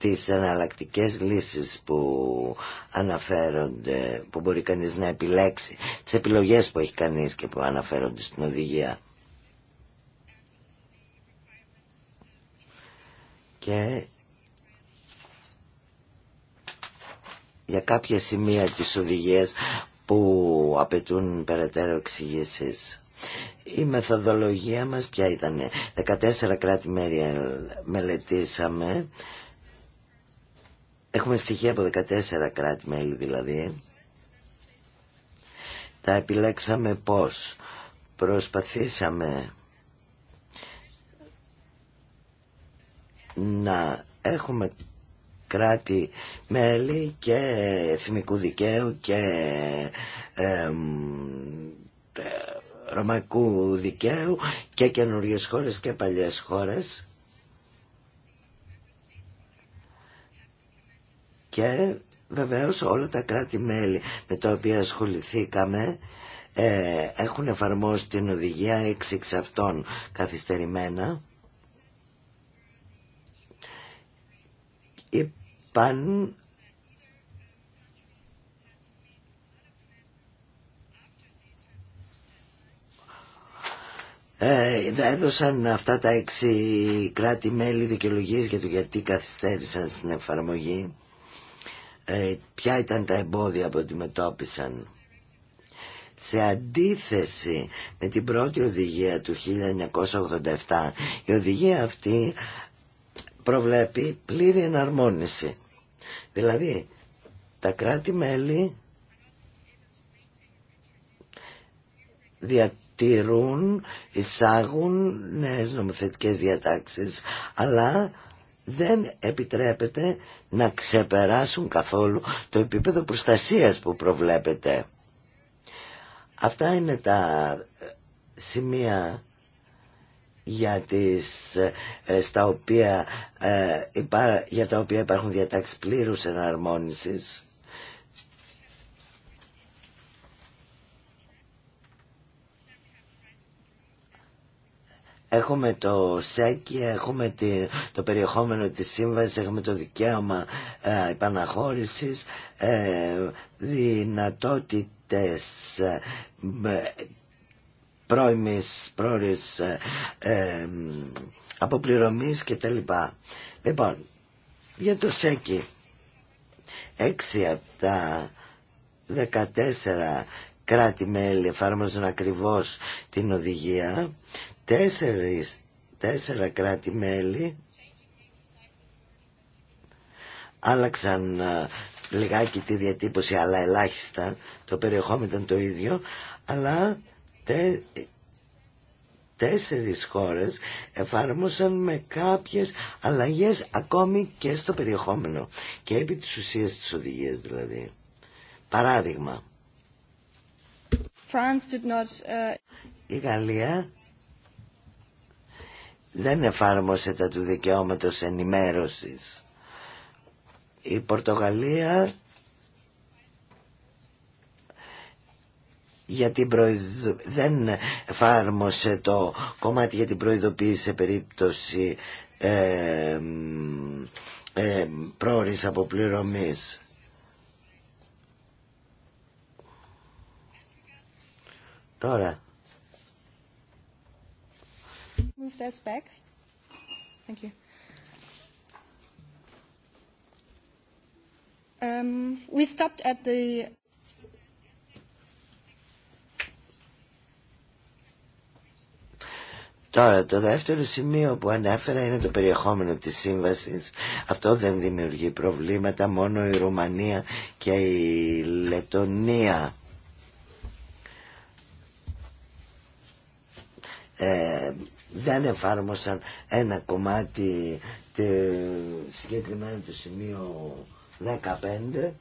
τις εναλλακτικέ λύσεις που αναφέρονται, που μπορεί κανείς να επιλέξει, τις επιλογές που έχει κανείς και που αναφέρονται στην οδηγία. Και για κάποια σημεία της οδηγίας που απαιτούν περαιτέρω εξηγήσει. Η μεθοδολογία μας ποια ήταν. 14 κρατη μέρια μελετήσαμε Έχουμε στοιχεία από 14 κράτη-μέλη δηλαδή. Τα επιλέξαμε πώς. Προσπαθήσαμε να έχουμε κράτη-μέλη και εθνικού δικαίου και ε, ρωμαϊκού δικαίου και καινούριε χώρες και παλιές χώρες και βεβαίως όλα τα κράτη-μέλη με τα οποία ασχοληθήκαμε ε, έχουν εφαρμόσει την οδηγία έξι εξ αυτών καθυστερημένα. Είπαν Ε, έδωσαν αυτά τα έξι κράτη-μέλη δικαιολογίες για το γιατί καθυστέρησαν στην εφαρμογή ε, ποια ήταν τα εμπόδια που αντιμετώπισαν. Σε αντίθεση με την πρώτη οδηγία του 1987, η οδηγία αυτή προβλέπει πλήρη εναρμόνιση. Δηλαδή, τα κράτη-μέλη διατηρούν, εισάγουν νέες νομοθετικές διατάξεις, αλλά δεν επιτρέπεται να ξεπεράσουν καθόλου το επίπεδο προστασίας που προβλέπεται. Αυτά είναι τα ε, σημεία για, τις, ε, στα οποία, ε, για τα οποία υπάρχουν διατάξεις πλήρους εναρμόνισης Έχουμε το ΣΕΚΙ, έχουμε το περιεχόμενο της σύμβασης, έχουμε το δικαίωμα ε, επαναχώρησης, ε, δυνατότητες ε, πρώιμης, ε, ε, αποπληρωμής κτλ. Λοιπόν, για το ΣΕΚΙ, έξι από τα 14 κράτη-μέλη εφάρμοζαν ακριβώς την οδηγία τέσσερις, τέσσερα κράτη-μέλη άλλαξαν ε, λιγάκι τη διατύπωση αλλά ελάχιστα το περιεχόμενο ήταν το ίδιο αλλά τε, τέσσερις χώρες εφάρμοσαν με κάποιες αλλαγές ακόμη και στο περιεχόμενο και επί της ουσίας της οδηγίας δηλαδή παράδειγμα ε, η Γαλλία δεν εφάρμοσε τα του δικαιώματος ενημέρωσης. Η Πορτογαλία για την δεν εφάρμοσε το κομμάτι για την προειδοποίηση σε περίπτωση ε, ε, πρόορης αποπληρωμής. Τώρα, Thank you. Um, we Τώρα το δεύτερο σημείο που ανέφερα είναι το περιεχόμενο της σύμβασης. Αυτό δεν δημιουργεί προβλήματα, μόνο η Ρουμανία και η Λετωνία. Ε, δεν εφάρμοσαν ένα κομμάτι τε, του το σημείο 15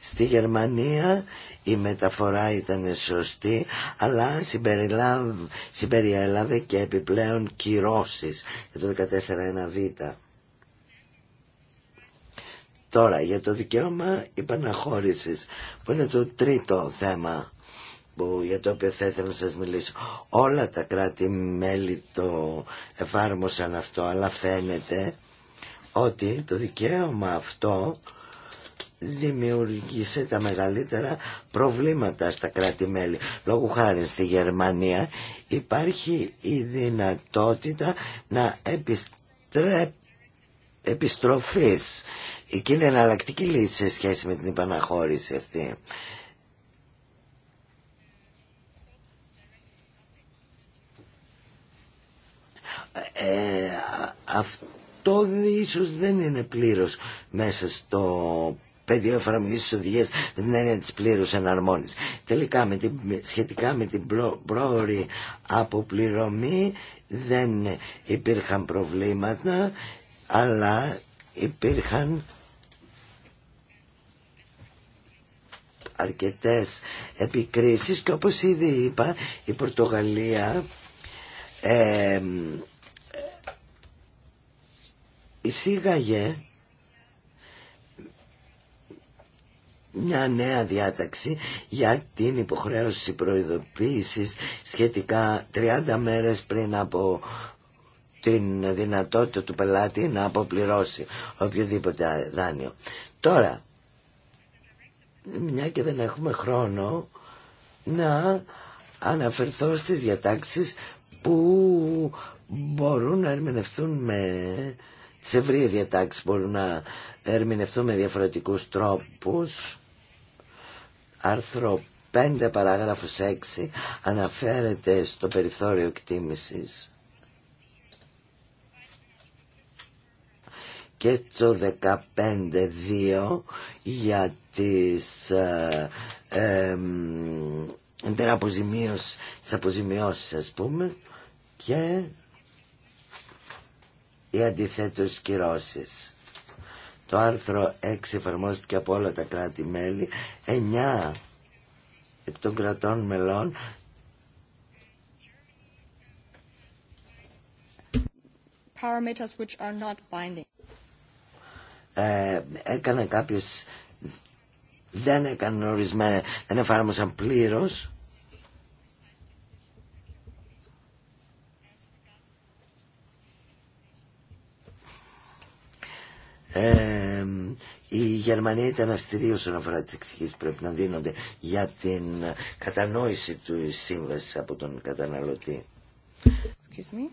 στη Γερμανία η μεταφορά ήταν σωστή αλλά συμπεριέλαβε και επιπλέον κυρώσεις για το 14.1β. Τώρα για το δικαίωμα υπαναχώρησης που είναι το τρίτο θέμα που, για το οποίο θα ήθελα να σας μιλήσω. Όλα τα κράτη-μέλη το εφάρμοσαν αυτό, αλλά φαίνεται ότι το δικαίωμα αυτό δημιουργήσε τα μεγαλύτερα προβλήματα στα κράτη-μέλη. Λόγω χάρη στη Γερμανία υπάρχει η δυνατότητα να επιστρέψει επιστροφής. Εκείνη είναι εναλλακτική λύση σε σχέση με την υπαναχώρηση αυτή. Ε, αυτό ίσως δεν είναι πλήρως μέσα στο πεδίο εφαρμογή τη οδηγία δεν είναι έννοια τη πλήρου Τελικά, με την, σχετικά με την πρόορη αποπληρωμή, δεν υπήρχαν προβλήματα, αλλά υπήρχαν αρκετές επικρίσεις και όπως ήδη είπα η Πορτογαλία ε, εισήγαγε μια νέα διάταξη για την υποχρέωση προειδοποίησης σχετικά 30 μέρες πριν από την δυνατότητα του πελάτη να αποπληρώσει οποιοδήποτε δάνειο. Τώρα, μια και δεν έχουμε χρόνο να αναφερθώ στις διατάξεις που μπορούν να ερμηνευτούν με τις ευρείες διατάξεις μπορούν να ερμηνευτούν με διαφορετικούς τρόπους. Άρθρο 5 παράγραφος 6 αναφέρεται στο περιθώριο εκτίμησης. και το 15.2 για τις, ε, ε, τις αποζημιώσεις ας πούμε και ή αντιθέτω κυρώσει. Το άρθρο 6 εφαρμόστηκε από όλα τα κράτη-μέλη, 9 των κρατών μελών. Parameters which are not Ε, έκανε κάποιες, δεν έκανε ορισμένα, δεν εφάρμοσαν πλήρως Ε, οι Γερμανοί ήταν αυστηροί όσον αφορά τι εξηγήσει πρέπει να δίνονται για την κατανόηση του σύμβαση από τον καταναλωτή. Excuse me.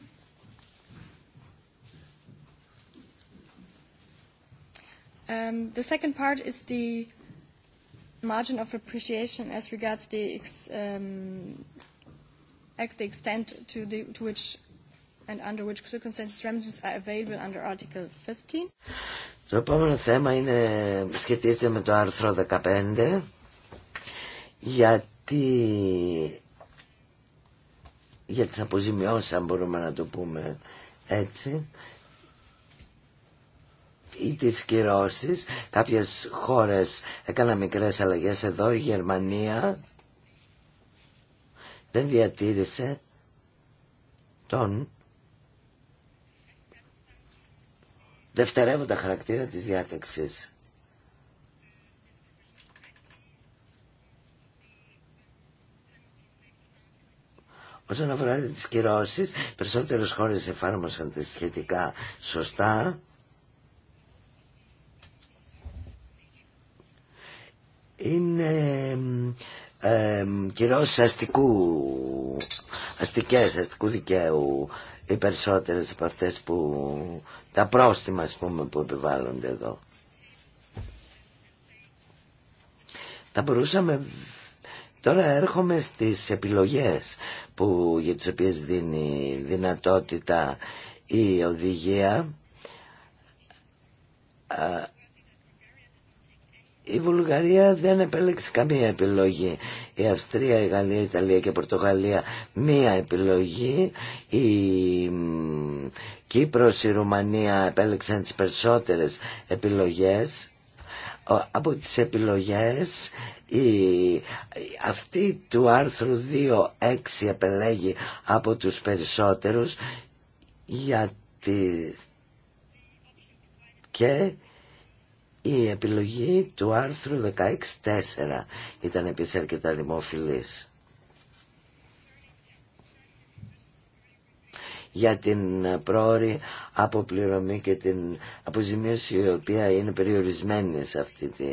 Um, the second part is the margin of appreciation as regards the, ex, um, the extent to, the, to which το επόμενο θέμα είναι, σχετίζεται με το άρθρο 15 γιατί για τις αποζημιώσεις αν μπορούμε να το πούμε έτσι ή τις κυρώσεις κάποιες χώρες έκαναν μικρές αλλαγές εδώ η Γερμανία δεν διατήρησε τον δευτερεύοντα χαρακτήρα της διάταξης. Όσον αφορά τις κυρώσεις, περισσότερες χώρες εφάρμοσαν τα σχετικά σωστά. Είναι ε, κυρώσεις αστικού, αστικές, αστικού δικαίου οι περισσότερες από αυτές που τα πρόστιμα ας πούμε που επιβάλλονται εδώ. Θα μπορούσαμε... Τώρα έρχομαι στις επιλογές που, για τις οποίες δίνει δυνατότητα η οδηγία. Η Βουλγαρία δεν επέλεξε καμία επιλογή. Η Αυστρία, η Γαλλία, η Ιταλία και η Πορτογαλία μία επιλογή. Η Κύπρος, η Ρουμανία επέλεξαν τις περισσότερες επιλογές. Από τις επιλογές η, αυτή του άρθρου 2.6 επελέγει από τους περισσότερους γιατί και η επιλογή του άρθρου 16.4 ήταν επίσης αρκετά δημοφιλής. για την πρόορη αποπληρωμή και την αποζημίωση η οποία είναι περιορισμένη σε αυτή τη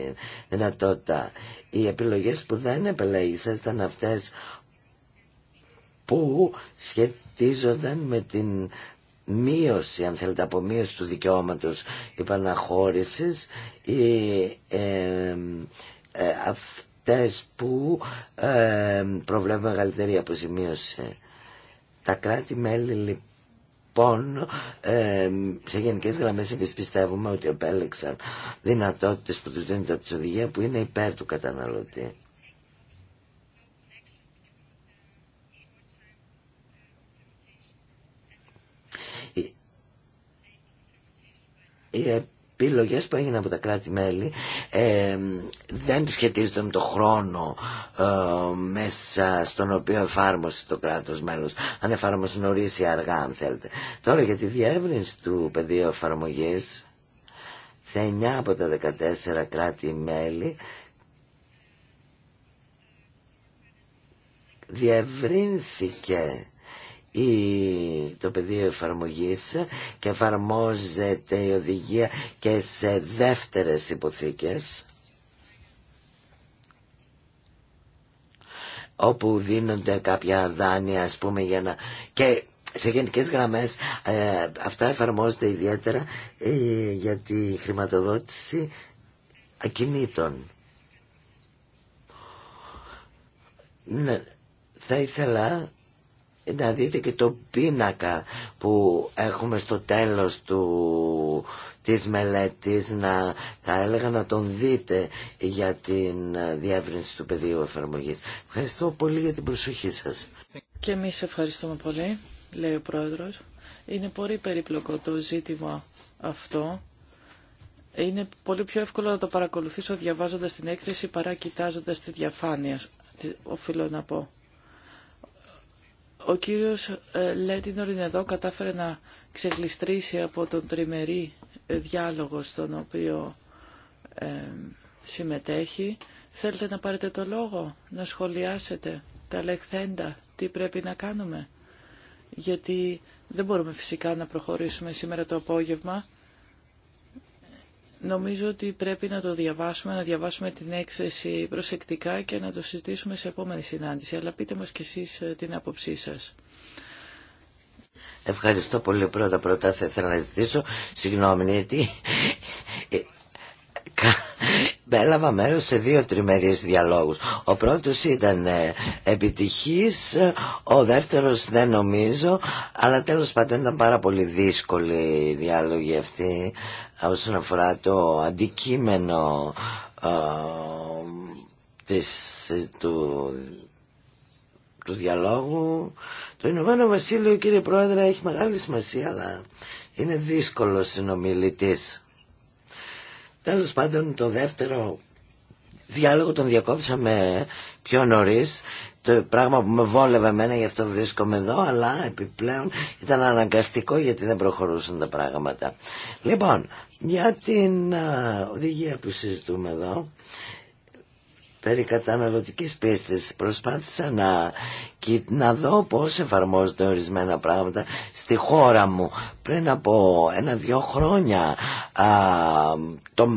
δυνατότητα. Οι επιλογές που δεν επελέγησαν ήταν αυτές που σχετίζονταν με την μείωση, αν θέλετε, από μείωση του δικαιώματος υπαναχώρησης ή ε, ε, αυτές που ε, προβλέπουν μεγαλύτερη αποζημίωση. Τα κράτη-μέλη λοιπόν σε γενικέ γραμμέ εμεί πιστεύουμε ότι επέλεξαν δυνατότητε που του δίνεται από τη οδηγία που είναι υπέρ του καταναλωτή. η επιλογές που έγιναν από τα κράτη-μέλη ε, δεν σχετίζονται με το χρόνο ε, μέσα στον οποίο εφάρμοσε το κράτος μέλος αν εφάρμοσε νωρίς ή αργά αν θέλετε τώρα για τη διεύρυνση του πεδίου εφαρμογής 9 από τα 14 κράτη-μέλη διευρύνθηκε το πεδίο εφαρμογής και εφαρμόζεται η οδηγία και σε δεύτερες υποθήκες όπου δίνονται κάποια δάνεια ας πούμε για να... και σε γενικές γραμμές ε, αυτά εφαρμόζονται ιδιαίτερα ε, για τη χρηματοδότηση ακινήτων. Ναι, θα ήθελα να δείτε και το πίνακα που έχουμε στο τέλος του, της μελέτης να, θα έλεγα να τον δείτε για την διεύρυνση του πεδίου εφαρμογής. Ευχαριστώ πολύ για την προσοχή σας. Και εμείς ευχαριστούμε πολύ, λέει ο Πρόεδρος. Είναι πολύ περίπλοκο το ζήτημα αυτό. Είναι πολύ πιο εύκολο να το παρακολουθήσω διαβάζοντας την έκθεση παρά κοιτάζοντας τη διαφάνεια, οφείλω να πω. Ο κύριος ε, Λέντινορ είναι εδώ, κατάφερε να ξεγλιστρήσει από τον τριμερή ε, διάλογο στον οποίο ε, συμμετέχει. Θέλετε να πάρετε το λόγο, να σχολιάσετε τα λεχθέντα, τι πρέπει να κάνουμε. Γιατί δεν μπορούμε φυσικά να προχωρήσουμε σήμερα το απόγευμα. Νομίζω ότι πρέπει να το διαβάσουμε, να διαβάσουμε την έκθεση προσεκτικά και να το συζητήσουμε σε επόμενη συνάντηση. Αλλά πείτε μας κι εσείς ε, την άποψή σας. Ευχαριστώ πολύ πρώτα πρώτα θα ήθελα να ζητήσω συγγνώμη γιατί έλαβα μέρος σε δύο τριμερείς διαλόγους. Ο πρώτος ήταν ε, επιτυχής, ο δεύτερος δεν νομίζω, αλλά τέλος πάντων ήταν πάρα πολύ δύσκολη η διάλογη αυτή ε, όσον αφορά το αντικείμενο ε, της, του, του διαλόγου. Το Ηνωμένο Βασίλειο, κύριε Πρόεδρε, έχει μεγάλη σημασία, αλλά είναι δύσκολος συνομιλητής. Τέλος πάντων το δεύτερο διάλογο τον διακόψαμε πιο νωρίς το πράγμα που με βόλευε εμένα γι' αυτό βρίσκομαι εδώ αλλά επιπλέον ήταν αναγκαστικό γιατί δεν προχωρούσαν τα πράγματα. Λοιπόν, για την οδηγία που συζητούμε εδώ περί καταναλωτικής πίστης. Προσπάθησα να, να δω πώς εφαρμόζονται ορισμένα πράγματα στη χώρα μου. Πριν από ένα-δυο χρόνια α, το,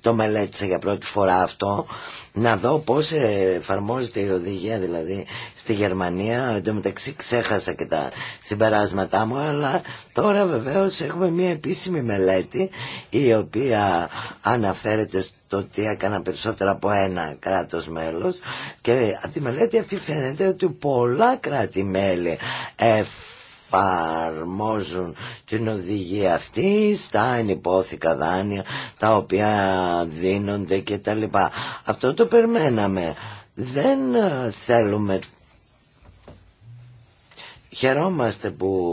το μελέτησα για πρώτη φορά αυτό, να δω πώς εφαρμόζεται η οδηγία δηλαδή στη Γερμανία. Εν τω μεταξύ ξέχασα και τα συμπεράσματά μου, αλλά τώρα βεβαίως έχουμε μια επίσημη μελέτη η οποία αναφέρεται στο το ότι έκανα περισσότερα από ένα κράτος μέλος και από τη μελέτη αυτή φαίνεται ότι πολλά κράτη-μέλη εφαρμόζουν την οδηγία αυτή στα ενυπόθηκα δάνεια τα οποία δίνονται κτλ. Αυτό το περιμέναμε. Δεν θέλουμε Χαιρόμαστε που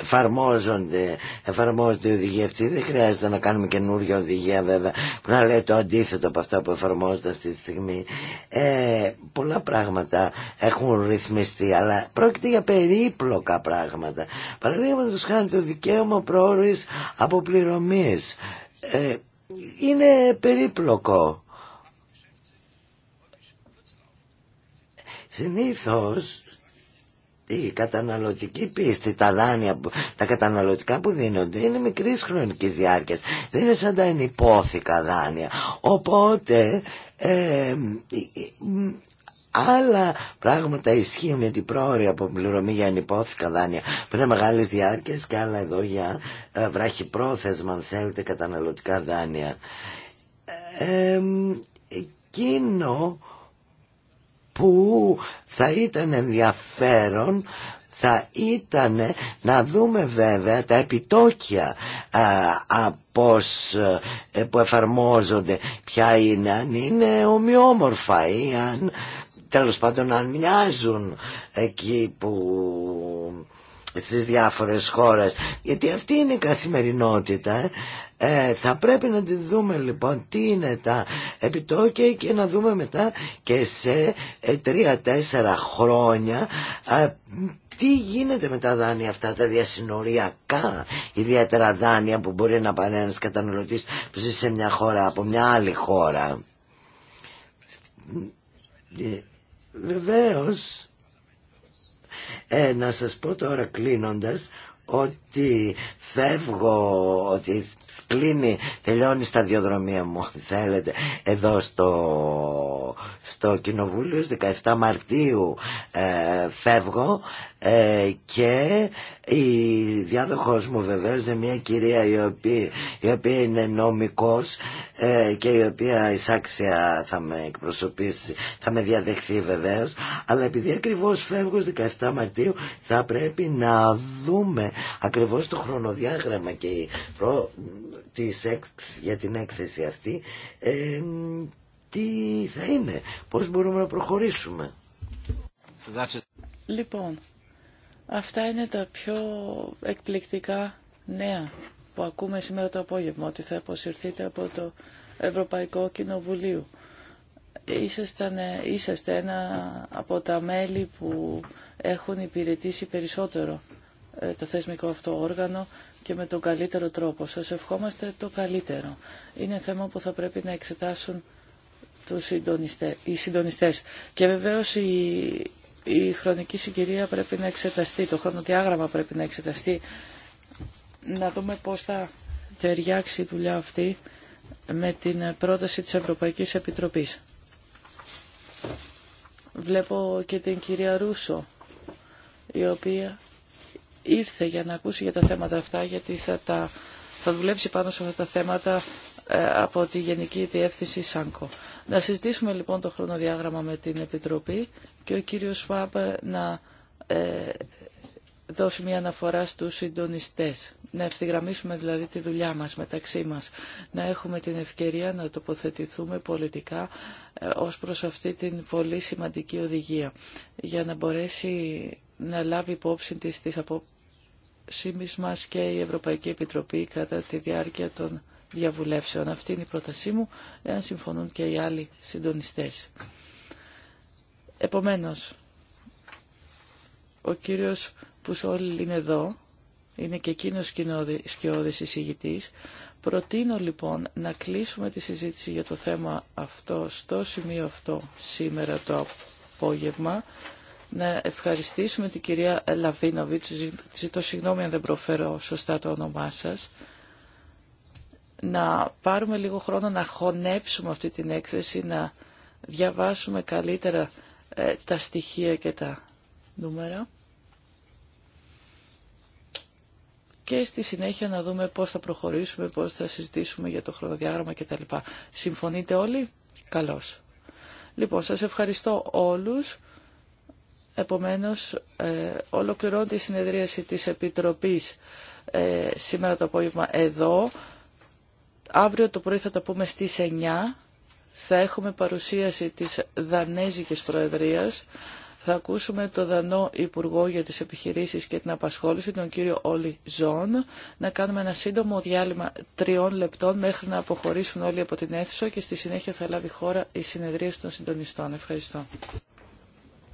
εφαρμόζονται, εφαρμόζονται οι οδηγία αυτοί Δεν χρειάζεται να κάνουμε καινούργια οδηγία βέβαια που να λέει το αντίθετο από αυτά που εφαρμόζονται αυτή τη στιγμή. Ε, πολλά πράγματα έχουν ρυθμιστεί, αλλά πρόκειται για περίπλοκα πράγματα. Παραδείγματο χάνει το δικαίωμα προώρη αποπληρωμή. Ε, είναι περίπλοκο. Συνήθως η καταναλωτική πίστη, τα δάνεια, τα καταναλωτικά που δίνονται είναι μικρή χρονική διάρκεια. Δεν είναι σαν τα ενυπόθηκα δάνεια. Οπότε ε, ε άλλα πράγματα ισχύουν για την πρόορια αποπληρωμή για ενυπόθηκα δάνεια πριν μεγάλες διάρκειες και άλλα εδώ για ε, βράχη πρόθεσμα αν θέλετε καταναλωτικά δάνεια. Ε, ε, εκείνο που θα ήταν ενδιαφέρον θα ήταν να δούμε βέβαια τα επιτόκια α, ε, που εφαρμόζονται, ποια είναι, αν είναι ομοιόμορφα ή αν τέλος πάντων αν μοιάζουν εκεί που στις διάφορες χώρες γιατί αυτή είναι η καθημερινότητα ε. Ε, θα πρέπει να τη δούμε λοιπόν τι είναι τα επιτόκια και να δούμε μετά και σε ε, τρία-τέσσερα χρόνια ε, τι γίνεται με τα δάνεια αυτά, τα διασυνοριακά ιδιαίτερα δάνεια που μπορεί να πάρει ένας καταναλωτής που ζει σε μια χώρα από μια άλλη χώρα. Ε, βεβαίως, ε, να σας πω τώρα κλείνοντας ότι φεύγω, ότι κλείνει, τελειώνει στα διοδρομία μου, θέλετε, εδώ στο, στο Κοινοβούλιο, στις 17 Μαρτίου ε, φεύγω ε, και η διάδοχος μου βεβαίω είναι μια κυρία η οποία, η οποία είναι νομικός ε, και η οποία εισάξια θα με εκπροσωπήσει, θα με διαδεχθεί βεβαίω. αλλά επειδή ακριβώς φεύγω στις 17 Μαρτίου θα πρέπει να δούμε ακριβώς το χρονοδιάγραμμα και η της, για την έκθεση αυτή τι θα είναι, πώς μπορούμε να προχωρήσουμε. Λοιπόν, αυτά είναι τα πιο εκπληκτικά νέα που ακούμε σήμερα το απόγευμα, ότι θα αποσυρθείτε από το Ευρωπαϊκό Κοινοβουλίο. Ήσασταν, ε, είσαστε ένα από τα μέλη που έχουν υπηρετήσει περισσότερο ε, το θεσμικό αυτό όργανο και με τον καλύτερο τρόπο. Σας ευχόμαστε το καλύτερο. Είναι θέμα που θα πρέπει να εξετάσουν τους συντονιστές, οι συντονιστές. Και βεβαίως η, η χρονική συγκυρία πρέπει να εξεταστεί, το χρονοδιάγραμμα πρέπει να εξεταστεί. Να δούμε πώς θα ταιριάξει η δουλειά αυτή με την πρόταση της Ευρωπαϊκής Επιτροπής. Βλέπω και την κυρία Ρούσο, η οποία ήρθε για να ακούσει για τα θέματα αυτά, γιατί θα, τα, θα δουλέψει πάνω σε αυτά τα θέματα ε, από τη Γενική Διεύθυνση ΣΑΝΚΟ. Να συζητήσουμε λοιπόν το χρονοδιάγραμμα με την Επιτροπή και ο κύριος ΦΑΜ να ε, δώσει μια αναφορά στους συντονιστές. Να ευθυγραμμίσουμε δηλαδή τη δουλειά μας μεταξύ μας. Να έχουμε την ευκαιρία να τοποθετηθούμε πολιτικά ε, ως προς αυτή την πολύ σημαντική οδηγία για να μπορέσει να λάβει υπόψη της τις απο σύμβης και η Ευρωπαϊκή Επιτροπή κατά τη διάρκεια των διαβουλεύσεων. Αυτή είναι η πρότασή μου, εάν συμφωνούν και οι άλλοι συντονιστές. Επομένως, ο κύριος Πουσόλη είναι εδώ, είναι και εκείνος σκιώδης εισηγητής. Προτείνω λοιπόν να κλείσουμε τη συζήτηση για το θέμα αυτό στο σημείο αυτό σήμερα το απόγευμα να ευχαριστήσουμε την κυρία Λαβίνοβιτς, ζητώ συγγνώμη αν δεν προφέρω σωστά το όνομά σας, να πάρουμε λίγο χρόνο να χωνέψουμε αυτή την έκθεση, να διαβάσουμε καλύτερα ε, τα στοιχεία και τα νούμερα και στη συνέχεια να δούμε πώς θα προχωρήσουμε, πώς θα συζητήσουμε για το χρονοδιάγραμμα κτλ. Συμφωνείτε όλοι? Καλώς. Λοιπόν, σας ευχαριστώ όλους. Επομένως, ε, ολοκληρώνω τη συνεδρίαση της Επιτροπής ε, σήμερα το απόγευμα εδώ. Αύριο το πρωί θα τα πούμε στις 9. Θα έχουμε παρουσίαση της Δανέζικης Προεδρίας. Θα ακούσουμε το Δανό Υπουργό για τις Επιχειρήσεις και την Απασχόληση, τον κύριο Όλι Ζών, να κάνουμε ένα σύντομο διάλειμμα τριών λεπτών μέχρι να αποχωρήσουν όλοι από την αίθουσα και στη συνέχεια θα λάβει χώρα η συνεδρία των συντονιστών. Ευχαριστώ.